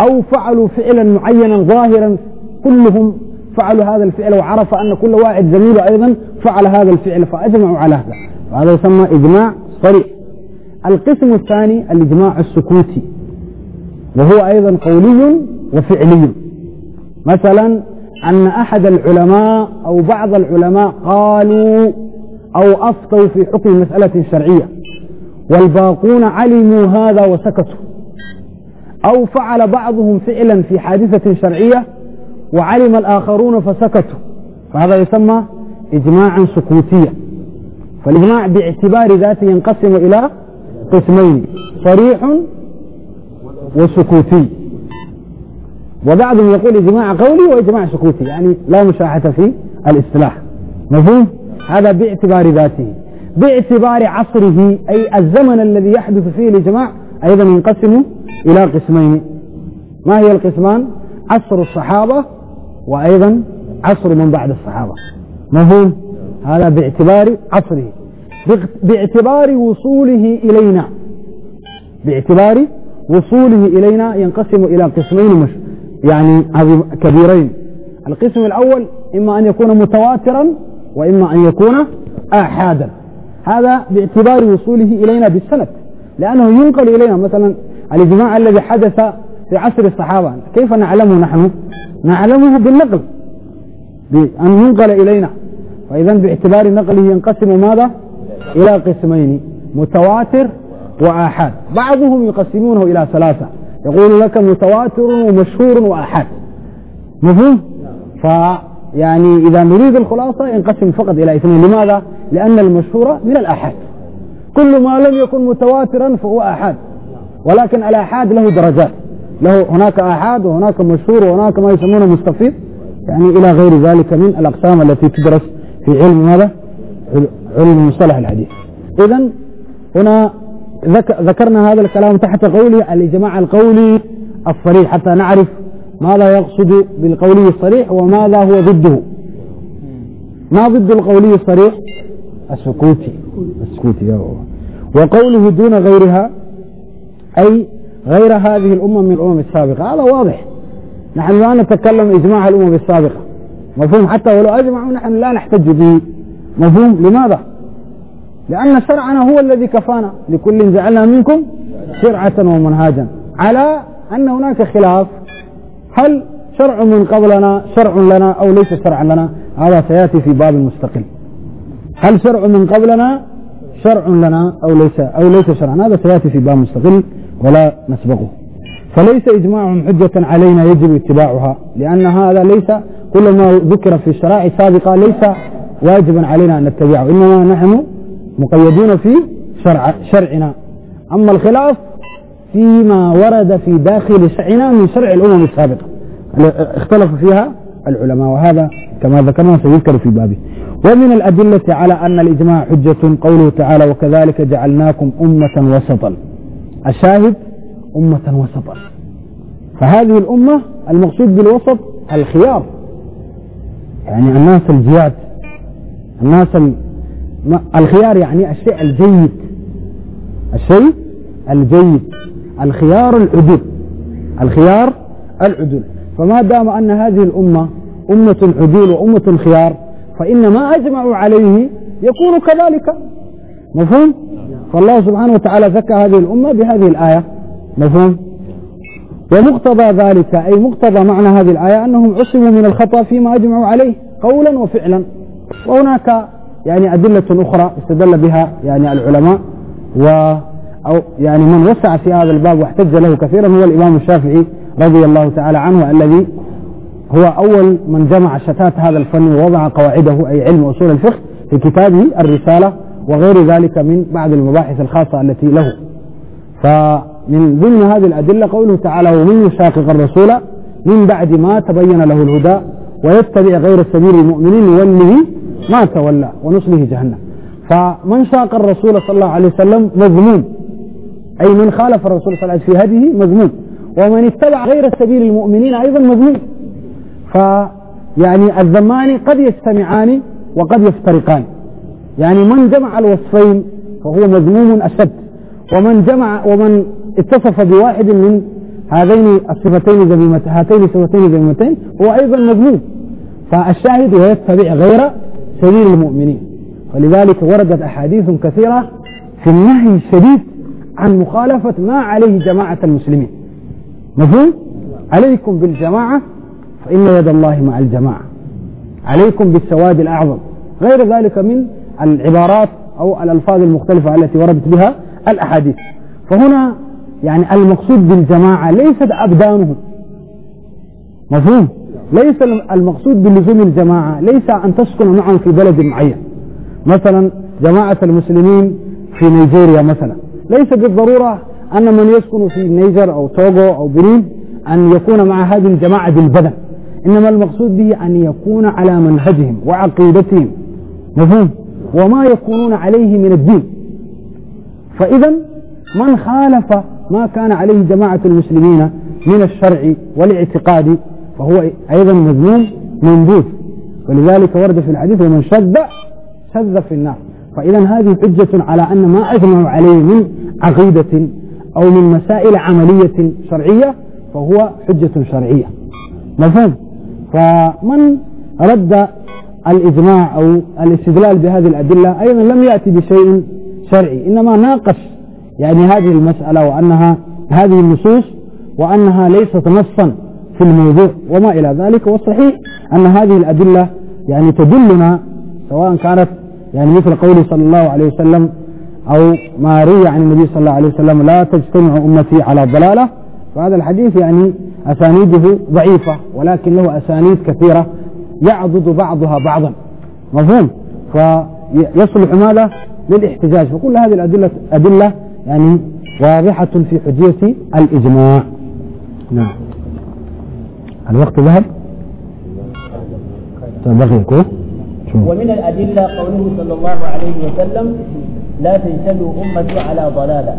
[SPEAKER 1] أو فعلوا فعلا معينا ظاهرا كلهم فعلوا هذا الفعل وعرف أن كل واحد زميله أيضا فعل هذا الفعل فأجمعوا على هذا وهذا يسمى إجماع صريح القسم الثاني الإجماع السكوتي وهو أيضا قولي وفعلي مثلا أن أحد العلماء أو بعض العلماء قالوا أو أفتوا في حكم مسألة شرعية والباقون علموا هذا وسكتوا أو فعل بعضهم فعلا في حادثة شرعية وعلم الآخرون فسكتوا فهذا يسمى إجماعا سكوتيا فالإجماع باعتبار ذاته ينقسم إلى قسمين صريح وسكوتي وبعضهم يقول إجماع قولي وإجماع سكوتي يعني لا مشاحة في الاصطلاح مفهوم؟ هذا باعتبار ذاته باعتبار عصره أي الزمن الذي يحدث فيه الإجماع أيضا ينقسم إلى قسمين ما هي القسمان؟ عصر الصحابة وأيضا عصر من بعد الصحابة مفهوم؟ هذا باعتبار عصره باعتبار وصوله إلينا باعتبار وصوله إلينا ينقسم إلى قسمين مشهور يعني كبيرين القسم الأول إما أن يكون متواترا وإما أن يكون آحادا هذا باعتبار وصوله إلينا بالسند لأنه ينقل إلينا مثلا الإجماع الذي حدث في عصر الصحابة كيف نعلمه نحن نعلمه بالنقل بأن ينقل إلينا فإذا باعتبار نقله ينقسم ماذا إلى قسمين متواتر وآحاد بعضهم يقسمونه إلى ثلاثة يقول لك متواتر ومشهور وأحد مفهوم؟ فيعني إذا نريد الخلاصة ينقسم فقط إلى اثنين لماذا؟ لأن المشهور من الأحد كل ما لم يكن متواترا فهو أحد ولكن الآحاد له درجات له هناك آحاد وهناك مشهور وهناك ما يسمونه مستفيض يعني إلى غير ذلك من الأقسام التي تدرس في علم ماذا؟ علم مصطلح الحديث إذا هنا ذكرنا هذا الكلام تحت قولي الإجماع القولي الصريح حتى نعرف ماذا يقصد بالقولي الصريح وماذا هو ضده ما ضد القولي الصريح السكوتي السكوتي وقوله دون غيرها أي غير هذه الأمة من الأمم السابقة هذا واضح نحن لا نتكلم إجماع الأمم السابقة مفهوم حتى ولو أجمعوا نحن لا نحتج به مفهوم لماذا لأن شرعنا هو الذي كفانا لكل جعلنا منكم شرعة ومنهاجا على أن هناك خلاف هل شرع من قبلنا شرع لنا أو ليس شرعا لنا هذا سيأتي في باب مستقل هل شرع من قبلنا شرع لنا أو ليس أو ليس شرعا هذا سيأتي في باب مستقل ولا نسبقه فليس إجماع حجة علينا يجب اتباعها لأن هذا ليس كل ما ذكر في الشرائع السابقة ليس واجبا علينا أن نتبعه إنما نحن مقيدون في شرع شرعنا أما الخلاف فيما ورد في داخل شرعنا من شرع الأمم السابقة اختلف فيها العلماء وهذا كما ذكرنا سيذكر في بابه ومن الأدلة على أن الإجماع حجة قوله تعالى وكذلك جعلناكم أمة وسطا الشاهد أمة وسطا فهذه الأمة المقصود بالوسط الخيار يعني الناس الجياد الناس الخيار يعني الشيء الجيد الشيء الجيد الخيار العدل الخيار العدل فما دام أن هذه الأمة أمة عدول وأمة خيار فإن ما أجمعوا عليه يكون كذلك مفهوم فالله سبحانه وتعالى زكى هذه الأمة بهذه الآية مفهوم ومقتضى ذلك أي مقتضى معنى هذه الآية أنهم عصموا من الخطأ فيما أجمعوا عليه قولا وفعلا وهناك يعني أدلة أخرى استدل بها يعني العلماء و أو يعني من وسع في هذا الباب واحتج له كثيرا هو الإمام الشافعي رضي الله تعالى عنه الذي هو أول من جمع شتات هذا الفن ووضع قواعده أي علم أصول الفقه في كتابه الرسالة وغير ذلك من بعض المباحث الخاصة التي له فمن ضمن هذه الأدلة قوله تعالى ومن يشاقق الرسول من بعد ما تبين له الهدى ويتبع غير سبيل المؤمنين وله ما تولى ونصله جهنم فمن شاق الرسول صلى الله عليه وسلم مذموم أي من خالف الرسول صلى الله عليه وسلم في هذه مذموم ومن اتبع غير سبيل المؤمنين أيضا مذموم ف يعني الذمان قد يجتمعان وقد يفترقان يعني من جمع الوصفين فهو مذموم أشد ومن جمع ومن اتصف بواحد من هذين الصفتين ذميمتين هاتين الصفتين ذميمتين هو أيضا مذموم فالشاهد ويتبع غير سبيل المؤمنين ولذلك وردت أحاديث كثيرة في النهي الشديد عن مخالفة ما عليه جماعة المسلمين مفهوم؟ عليكم بالجماعة فإن يد الله مع الجماعة عليكم بالسواد الأعظم غير ذلك من العبارات أو الألفاظ المختلفة التي وردت بها الأحاديث فهنا يعني المقصود بالجماعة ليست أبدانهم مفهوم ليس المقصود بلزوم الجماعة ليس أن تسكن معهم في بلد معين مثلا جماعة المسلمين في نيجيريا مثلا ليس بالضرورة أن من يسكن في نيجر أو توغو أو برين أن يكون مع هذه الجماعة بالبدن إنما المقصود به أن يكون على منهجهم وعقيدتهم مفهوم وما يكونون عليه من الدين فإذا من خالف ما كان عليه جماعة المسلمين من الشرع والاعتقاد فهو أيضا مذموم منبوذ ولذلك ورد في الحديث ومن شذ شذ في النار فإذا هذه حجة على أن ما أجمعوا عليه من عقيدة أو من مسائل عملية شرعية فهو حجة شرعية مفهوم فمن رد الإجماع أو الاستدلال بهذه الأدلة أيضا لم يأتي بشيء شرعي إنما ناقش يعني هذه المسألة وأنها هذه النصوص وأنها ليست نصا في الموضوع وما إلى ذلك والصحيح أن هذه الأدلة يعني تدلنا سواء كانت يعني مثل قوله صلى الله عليه وسلم أو ما روي عن النبي صلى الله عليه وسلم لا تجتمع أمتي على الضلالة فهذا الحديث يعني أسانيده ضعيفة ولكن له أسانيد كثيرة يعضد بعضها بعضا مفهوم فيصلح ماذا للاحتجاج فكل هذه الأدلة أدلة يعني واضحة في حجية الإجماع نعم الوقت ذهب
[SPEAKER 3] بقي ومن الأدلة قوله صلى الله عليه وسلم لا تنشدوا أمتي على ضلالة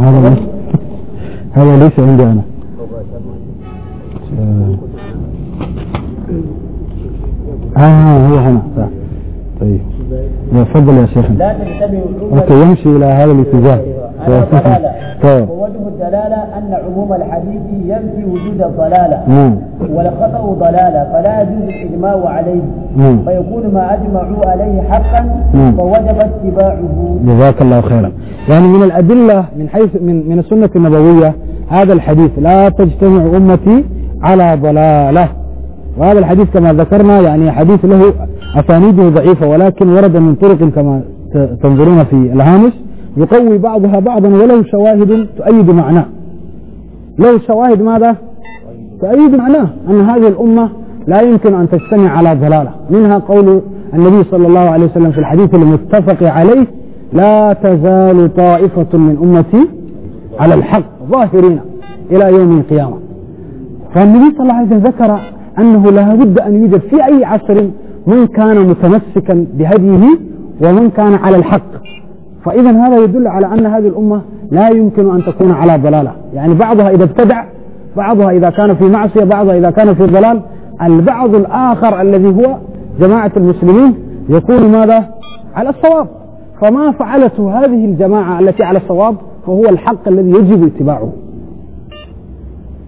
[SPEAKER 3] هذا ليس
[SPEAKER 2] هذا ليس عندي أنا
[SPEAKER 3] آه هو هنا
[SPEAKER 2] طيب تفضل يا شيخ لا تنتبه
[SPEAKER 3] حتى يمشي الى هذا الاتجاه طيب ووجه الدلاله ان عموم الحديث ينفي وجود الضلاله نعم. والخطا ضلاله فلا يجوز الاجماع عليه مم. نعم. فيكون ما اجمعوا عليه حقا فوجب نعم. اتباعه جزاك
[SPEAKER 1] الله خيرا يعني من الادله من حيث من من السنه النبويه هذا الحديث لا تجتمع امتي على ضلاله وهذا الحديث كما ذكرنا يعني حديث له أسانيده ضعيفة ولكن ورد من طرق كما تنظرون في الهامش يقوي بعضها بعضا ولو شواهد تؤيد معناه لو شواهد ماذا تؤيد معناه أن هذه الأمة لا يمكن أن تجتمع على ضلالة منها قول النبي صلى الله عليه وسلم في الحديث المتفق عليه لا تزال طائفة من أمتي على الحق ظاهرين إلى يوم القيامة فالنبي صلى الله عليه وسلم ذكر أنه لا بد أن يوجد في أي عصر من كان متمسكا بهديه ومن كان على الحق فإذا هذا يدل على أن هذه الأمة لا يمكن أن تكون على ضلالة يعني بعضها إذا ابتدع بعضها إذا كان في معصية بعضها إذا كان في ضلال البعض الآخر الذي هو جماعة المسلمين يكون ماذا على الصواب فما فعلته هذه الجماعة التي على الصواب فهو الحق الذي يجب اتباعه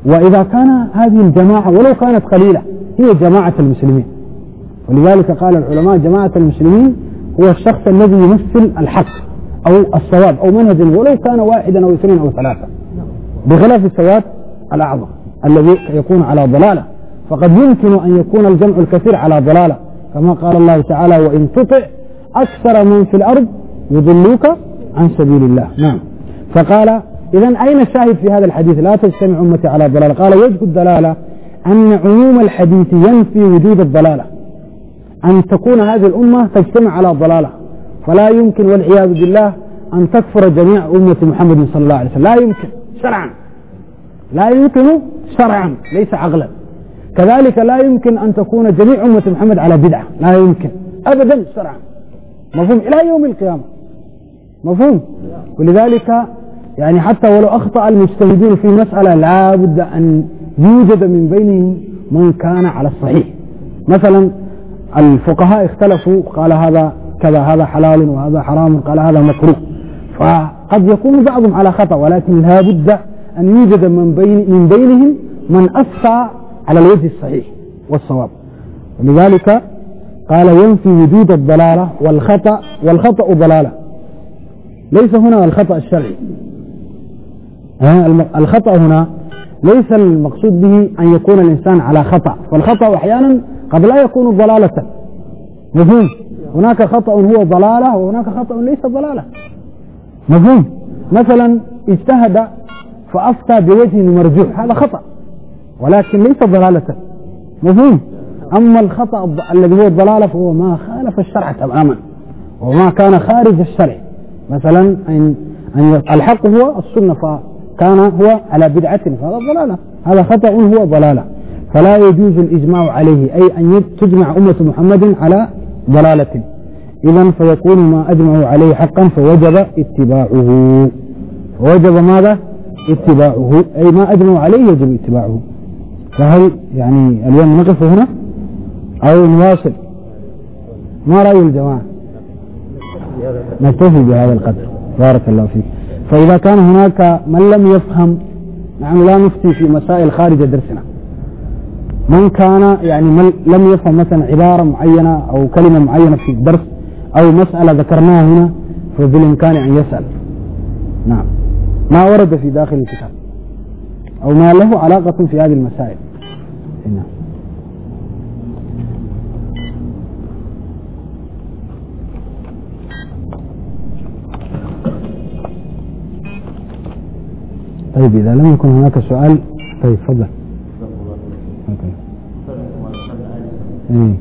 [SPEAKER 1] وإذا كان هذه الجماعة ولو كانت قليلة هي جماعة المسلمين ولذلك قال العلماء جماعة المسلمين هو الشخص الذي يمثل الحق أو الصواب أو منهج وليس كان واحدا أو اثنين أو ثلاثة بخلاف السواد الأعظم الذي يكون على ضلالة فقد يمكن أن يكون الجمع الكثير على ضلالة كما قال الله تعالى وإن تطع أكثر من في الأرض يضلوك عن سبيل الله نعم فقال إذا أين الشاهد في هذا الحديث لا تجتمع أمتي على ضلالة قال وجه الدلالة أن عموم الحديث ينفي وجود الضلالة أن تكون هذه الأمة تجتمع على ضلالة فلا يمكن والعياذ بالله أن تكفر جميع أمة محمد صلى الله عليه وسلم لا يمكن شرعا لا يمكن شرعا ليس عقلا كذلك لا يمكن أن تكون جميع أمة محمد على بدعة لا يمكن أبدا شرعا مفهوم إلى يوم القيامة مفهوم ولذلك يعني حتى ولو أخطأ المجتهدين في مسألة لا بد أن يوجد من بينهم من كان على الصحيح مثلا الفقهاء اختلفوا قال هذا كذا هذا حلال وهذا حرام قال هذا مكروه فقد يكون بعضهم على خطأ ولكن لا بد أن يوجد من, بين من بينهم من أفتى على الوجه الصحيح والصواب ولذلك قال ينفي وجود الضلالة والخطأ والخطأ ضلالة ليس هنا الخطأ الشرعي الخطأ هنا ليس المقصود به أن يكون الإنسان على خطأ والخطأ أحيانا قد لا يكون ضلالة مفهوم هناك خطأ هو ضلالة وهناك خطأ ليس ضلالة مفهوم مثلا اجتهد فأفتى بوجه مرجوح هذا خطأ ولكن ليس ضلالة مفهوم أما الخطأ الذي هو الضلالة فهو ما خالف الشرع تماما وما كان خارج الشرع مثلا أن أن الحق هو السنة فكان هو على بدعة فهذا ضلالة هذا خطأ هو ضلالة فلا يجوز الإجماع عليه أي أن تجمع أمة محمد على ضلالة إذا فيكون ما أجمعوا عليه حقا فوجب اتباعه وجب ماذا؟ اتباعه أي ما أجمعوا عليه يجب اتباعه فهل يعني اليوم نقف هنا أو نواصل ما رأي الجماعة نكتفي بهذا القدر بارك الله فيك فإذا كان هناك من لم يفهم نحن لا نفتي في مسائل خارج درسنا من كان يعني من لم يفهم مثلا عبارة معينة أو كلمة معينة في الدرس أو مسألة ذكرناها هنا فبالإمكان أن يسأل نعم ما ورد في داخل الكتاب أو ما له علاقة في هذه المسائل نعم طيب إذا لم يكن هناك سؤال طيب فضل
[SPEAKER 2] ايه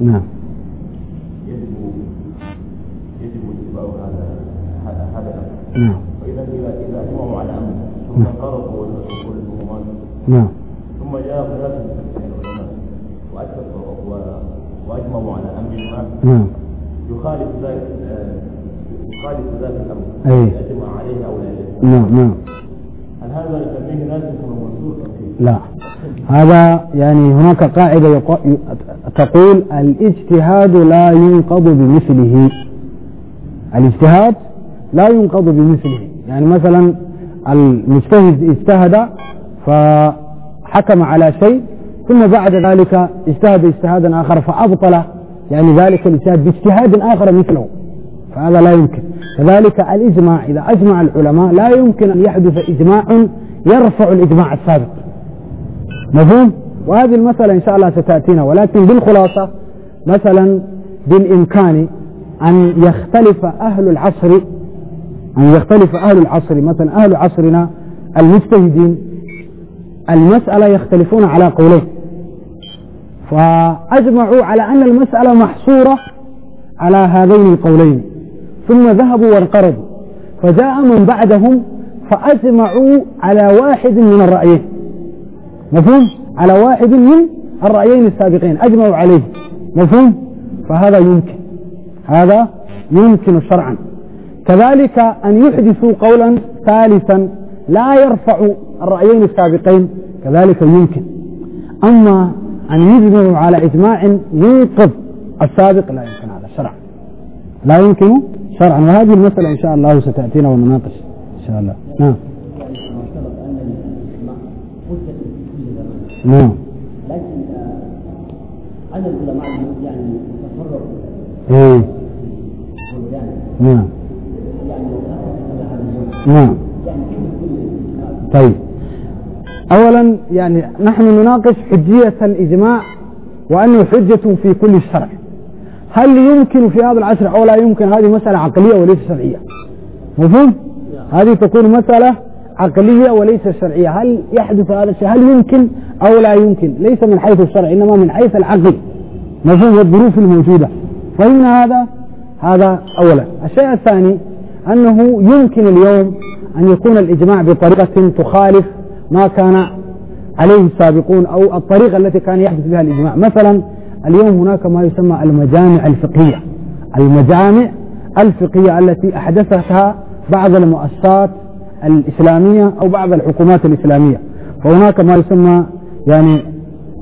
[SPEAKER 2] نعم يجب يجب اتباع هذا هذا نعم واذا اذا اجمعوا على امر ثم فرضوا كلهم نعم ثم جاء ثلاثه من العلماء واجمعوا على امر ما نعم يخالف ذلك يخالف ذلك الامر اي يجمع عليه او نعم نعم هذا يسميه لا
[SPEAKER 1] هذا يعني هناك قاعدة تقول الاجتهاد لا ينقض بمثله الاجتهاد لا ينقض بمثله يعني مثلا المجتهد اجتهد فحكم على شيء ثم بعد ذلك اجتهد اجتهادا آخر فأبطل يعني ذلك الاجتهاد باجتهاد آخر مثله فهذا لا يمكن كذلك الإجماع إذا أجمع العلماء لا يمكن أن يحدث إجماع يرفع الإجماع السابق مفهوم؟ وهذه المسألة إن شاء الله ستأتينا ولكن بالخلاصة مثلا بالإمكان أن يختلف أهل العصر أن يختلف أهل العصر مثلا أهل عصرنا المجتهدين المسألة يختلفون على قولين فأجمعوا على أن المسألة محصورة على هذين القولين ثم ذهبوا وانقرضوا فجاء من بعدهم فأجمعوا على واحد من الرأيين مفهوم على واحد من الرأيين السابقين أجمعوا عليه مفهوم فهذا يمكن هذا يمكن شرعا كذلك أن يحدثوا قولا ثالثا لا يرفع الرأيين السابقين كذلك يمكن أما أن يجمعوا على إجماع ينقض السابق لا يمكن هذا شرعا لا يمكن شرعا وهذه المسألة إن شاء الله ستأتينا ونناقش إن شاء الله نعم
[SPEAKER 3] نعم لكن عدد العلماء يعني تفرقوا
[SPEAKER 2] نعم نعم
[SPEAKER 1] طيب أولا يعني نحن نناقش حجية الإجماع وأنه حجة في كل الشرع هل يمكن في هذا العصر أو لا يمكن هذه مسألة عقلية وليس شرعية مفهوم؟ هذه تكون مسألة عقلية وليس شرعية هل يحدث هذا الشيء هل يمكن أو لا يمكن ليس من حيث الشرع إنما من حيث العقل مفهوم والظروف الموجودة فهمنا هذا هذا أولا الشيء الثاني أنه يمكن اليوم أن يكون الإجماع بطريقة تخالف ما كان عليه السابقون أو الطريقة التي كان يحدث بها الإجماع مثلا اليوم هناك ما يسمى المجامع الفقهية المجامع الفقهية التي أحدثتها بعض المؤسسات الإسلامية أو بعض الحكومات الإسلامية فهناك ما يسمى يعني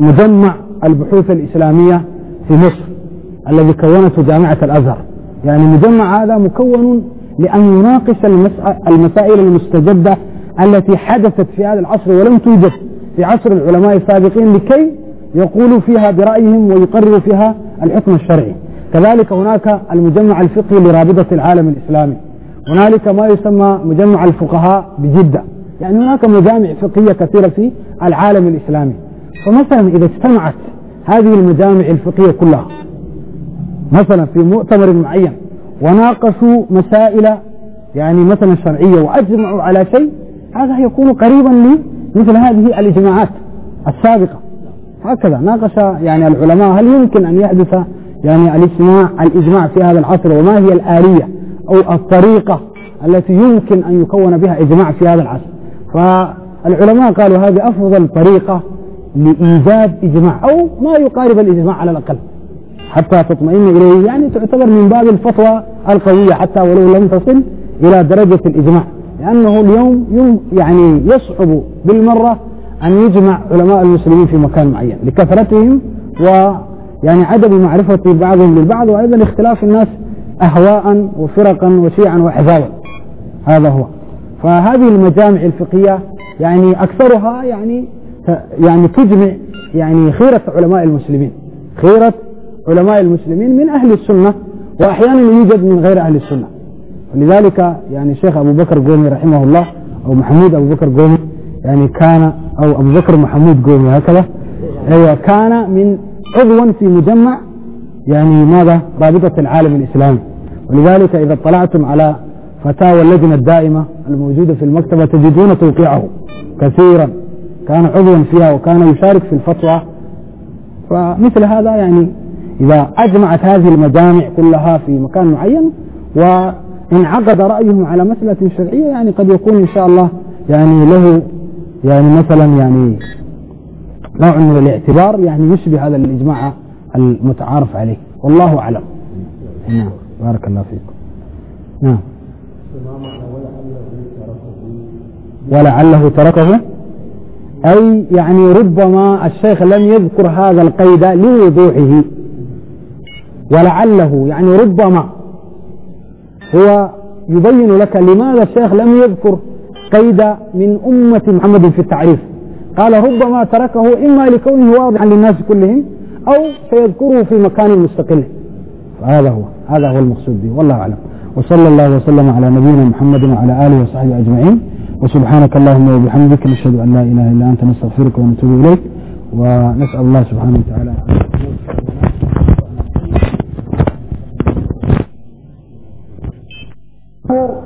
[SPEAKER 1] مجمع البحوث الإسلامية في مصر الذي كونته جامعة الأزهر يعني مجمع هذا مكون لأن يناقش المسائل المستجدة التي حدثت في هذا العصر ولم توجد في عصر العلماء السابقين لكي يقول فيها برأيهم ويقرر فيها الحكم الشرعي كذلك هناك المجمع الفقهي لرابطة العالم الإسلامي هنالك ما يسمى مجمع الفقهاء بجدة يعني هناك مجامع فقهية كثيرة في العالم الإسلامي فمثلا إذا اجتمعت هذه المجامع الفقهية كلها مثلا في مؤتمر معين وناقشوا مسائل يعني مثلا شرعية وأجمعوا على شيء هذا يكون قريبا لمثل هذه الإجماعات السابقة هكذا ناقش يعني العلماء هل يمكن أن يحدث يعني الاجماع الإجماع في هذا العصر وما هي الآلية أو الطريقة التي يمكن أن يكون بها إجماع في هذا العصر فالعلماء قالوا هذه أفضل طريقة لإيجاد إجماع أو ما يقارب الإجماع على الأقل حتى تطمئن إليه يعني تعتبر من باب الفتوى القوية حتى ولو لم تصل إلى درجة الإجماع لأنه اليوم يعني يصعب بالمرة أن يجمع علماء المسلمين في مكان معين لكثرتهم و يعني عدم معرفة بعضهم للبعض وأيضا اختلاف الناس أهواء وفرقا وشيعا وحزابا هذا هو فهذه المجامع الفقهية يعني أكثرها يعني يعني تجمع يعني خيرة علماء المسلمين خيرة علماء المسلمين من أهل السنة وأحيانا يوجد من غير أهل السنة ولذلك يعني الشيخ أبو بكر قومي رحمه الله أو محمود أبو بكر قومي يعني كان أو أبو بكر محمود قومي هكذا أيوة كان من عضو في مجمع يعني ماذا رابطة العالم الإسلامي ولذلك إذا اطلعتم على فتاوى اللجنة الدائمة الموجودة في المكتبة تجدون توقيعه كثيرا كان عضوا فيها وكان يشارك في الفتوى فمثل هذا يعني إذا أجمعت هذه المجامع كلها في مكان معين وانعقد رأيهم على مسألة شرعية يعني قد يكون إن شاء الله يعني له يعني مثلا يعني نوع من الاعتبار يعني يشبه هذا الإجماع المتعارف عليه والله أعلم نعم بارك الله فيكم نعم ولعله تركه أي يعني ربما الشيخ لم يذكر هذا القيد لوضوحه ولعله يعني ربما هو يبين لك لماذا الشيخ لم يذكر قيد من أمة محمد في التعريف قال ربما تركه إما لكونه واضحا للناس كلهم أو سيذكره في مكان مستقل هذا هو هذا هو المقصود به والله أعلم وصلى الله وسلم على نبينا محمد وعلى آله وصحبه أجمعين وسبحانك اللهم وبحمدك نشهد أن لا إله إلا أنت نستغفرك ونتوب إليك ونسأل الله سبحانه وتعالى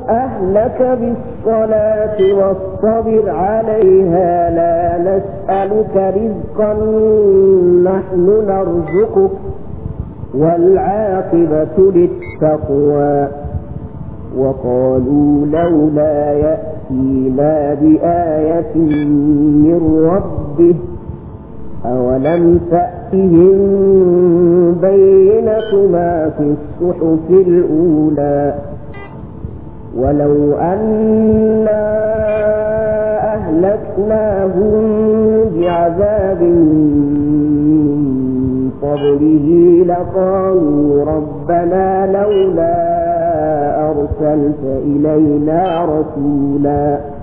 [SPEAKER 4] أهلك بالصلاة واصطبر عليها لا نسألك رزقا نحن نرزقك والعاقبة للتقوى وقالوا لولا يأتينا بآية من ربه أولم تأتهم بينة ما في الصحف الأولى ولو أنا أهلكناهم بعذاب قبله لقالوا ربنا لولا أرسلت إلينا رسولا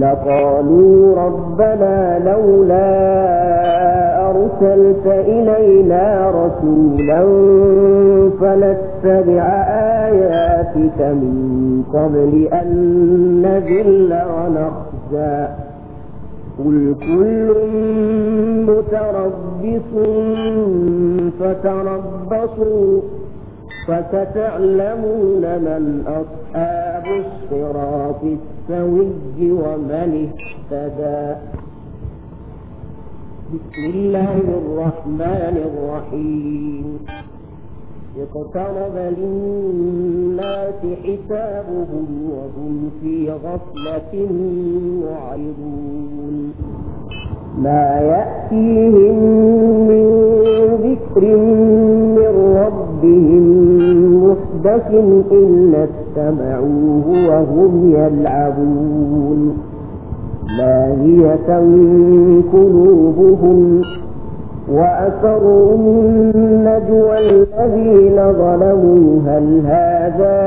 [SPEAKER 4] لقالوا ربنا لولا أرسلت إلينا رسولا فنتبع آياتك من قبل أن نذل ونخزى قل كل متربص فتربصوا فستعلمون من أصحاب الصراط السوي ومن اهتدى بسم الله الرحمن الرحيم اقترب للناس حسابهم وهم في غفلة معرضون ما يأتيهم من ذكر من ربهم محدث إلا استمعوه وهم يلعبون لاهية قلوبهم وأسروا النجوى الذين ظلموا هل هذا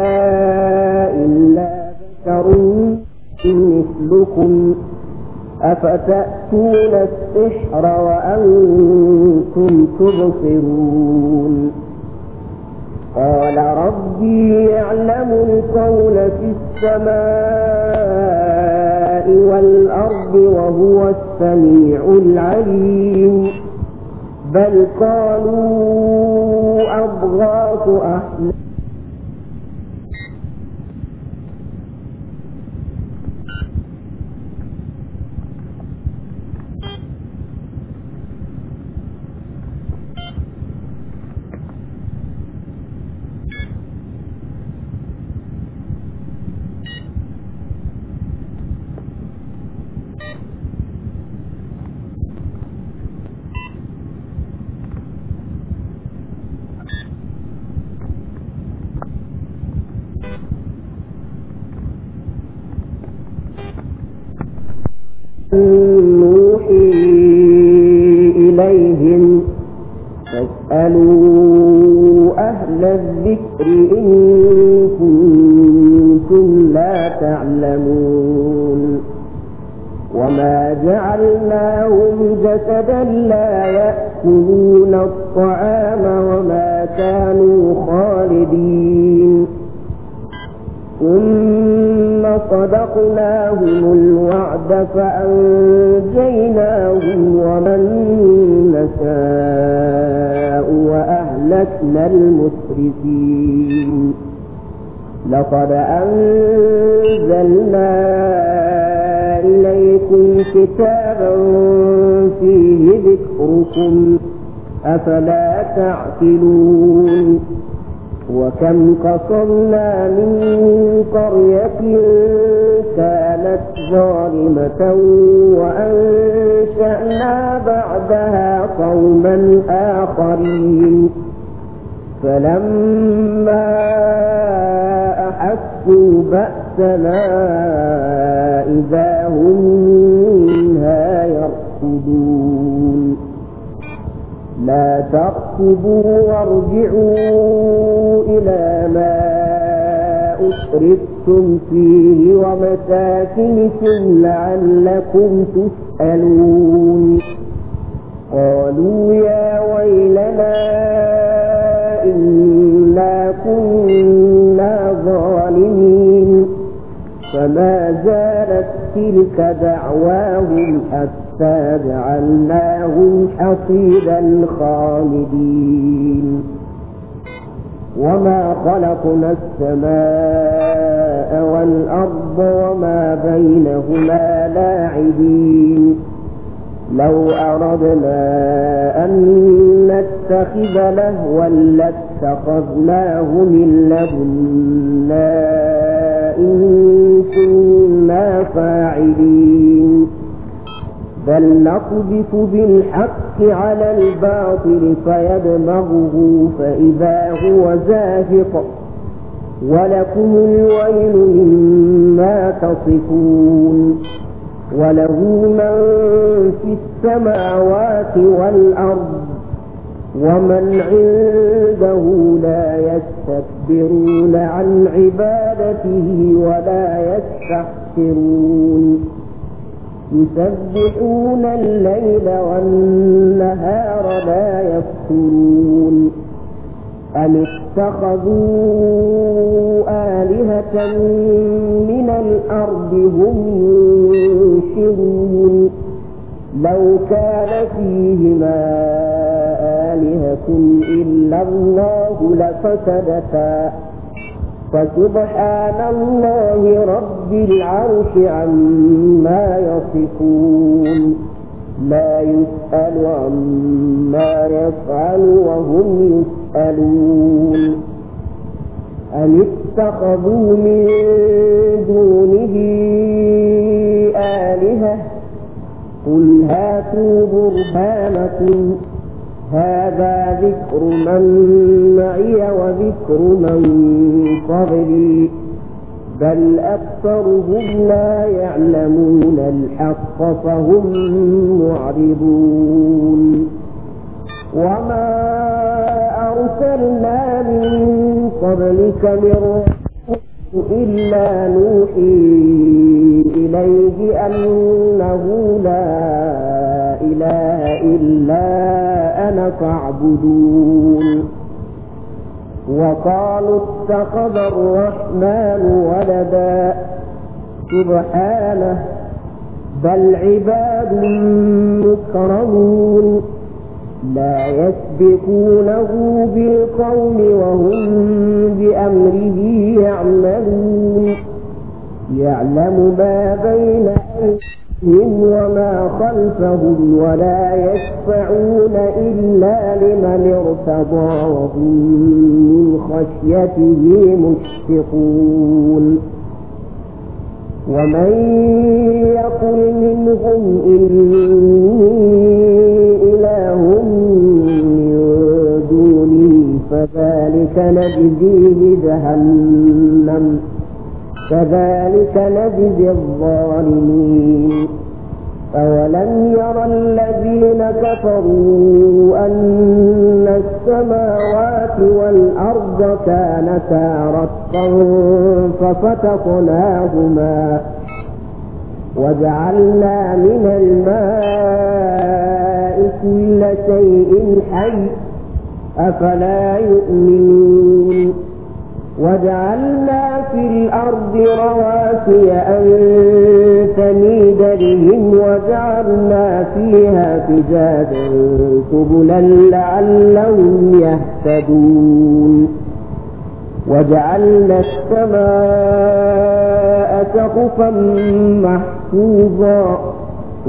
[SPEAKER 4] إلا ذكر مثلكم أفتأتون السحر وأنتم تبصرون قال ربي يعلم القول في السماء والأرض وهو السميع العليم بل قالوا أضغاث أحلام وأذاقناهم الوعد فأنجيناهم ومن نشاء وأهلكنا المسرفين لقد أنزلنا إليكم كتابا فيه ذكركم أفلا تعقلون وكم قصرنا من وأنشأنا بعدها قوما آخرين فلما أحسوا بأسنا إذا هم منها يركضون لا تركضوا وارجعوا إلى ما أشركتم فيه لعلكم تسألون قالوا يا ويلنا إنا كنا ظالمين فما زالت تلك دعواهم حتى جعلناهم حصيدا خالدين وما خلقنا السماء والأرض وما بينهما لاعبين لو أردنا أن نتخذ لهوا لاتخذناه من لدنا إن كنا فاعلين بل نقذف بالحق على الباطل فيدمغه فإذا هو زاهق ولكم الويل مما تصفون وله من في السماوات والأرض ومن عنده لا يستكبرون عن عبادته ولا يستحسرون يسبحون الليل والنهار لا يفترون أم اتخذوا آلهة من الأرض هم ينشرون لو كان فيهما آلهة إلا الله لفسدتا فسبحان الله رب العرش عما يصفون لا يسأل عما يفعل وهم يسألون أن اتخذوا من دونه آلهة قل هاتوا برهانكم هذا ذكر من معي وذكر من قبلي بل أكثرهم لا يعلمون الحق فهم معرضون وما أرسلنا من قبلك من إلا نوحي إليه أنه لا إله إلا إيانا فاعبدون وقالوا اتخذ الرحمن ولدا سبحانه بل عباد مكرمون لا يسبقونه بالقول وهم بأمره يعملون يعلم ما بين أيديهم هم وما خلفهم ولا يشفعون إلا لمن ارتضى وهم من خشيته مشفقون ومن يقل منهم إني إله من دوني فذلك نجزيه جهنم كذلك نجزي الظالمين أولم يرى الذين كفروا أن السماوات والأرض كانتا رتقا ففتقناهما وجعلنا من الماء كل شيء حي أفلا يؤمنون وجعلنا في الأرض رواسي أن تميد بهم وجعلنا فيها فجاجا سبلا لعلهم يهتدون وجعلنا السماء سقفا محفوظا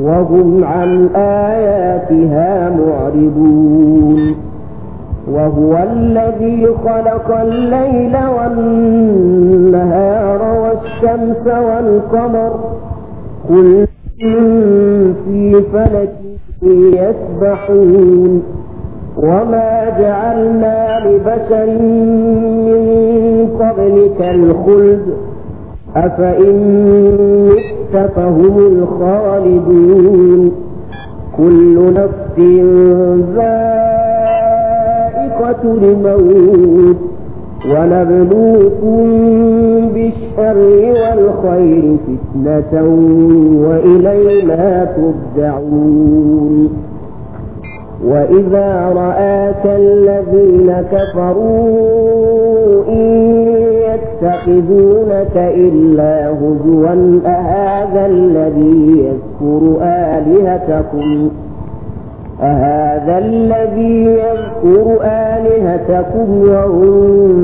[SPEAKER 4] وهم عن آياتها معرضون وهو الذي خلق الليل والنهار والشمس والقمر كل في فلك يسبحون وما جعلنا لبشر من قبلك الخلد أفإن مت فهم الخالدون كل نفس ذات الموت ونبلوكم بالشر والخير فتنة وإلينا تدعون وإذا رآك الذين كفروا إن يتخذونك إلا هزوا أهذا الذي يذكر آلهتكم ۖ أهذا الذي يذكر آلهتكم وهم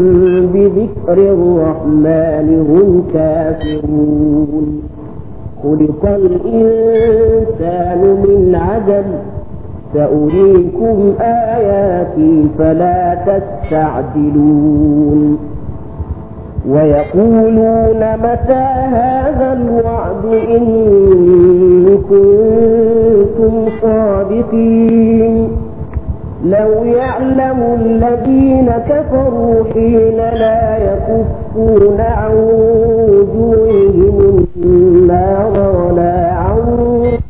[SPEAKER 4] بذكر الرحمن هم كافرون خلق الإنسان من عدم سأريكم آياتي فلا تستعجلون ويقولون متى هذا الوعد إن كنتم صادقين لو يعلم الذين كفروا حين لا يكفون عن وجوههم النار ولا
[SPEAKER 2] عن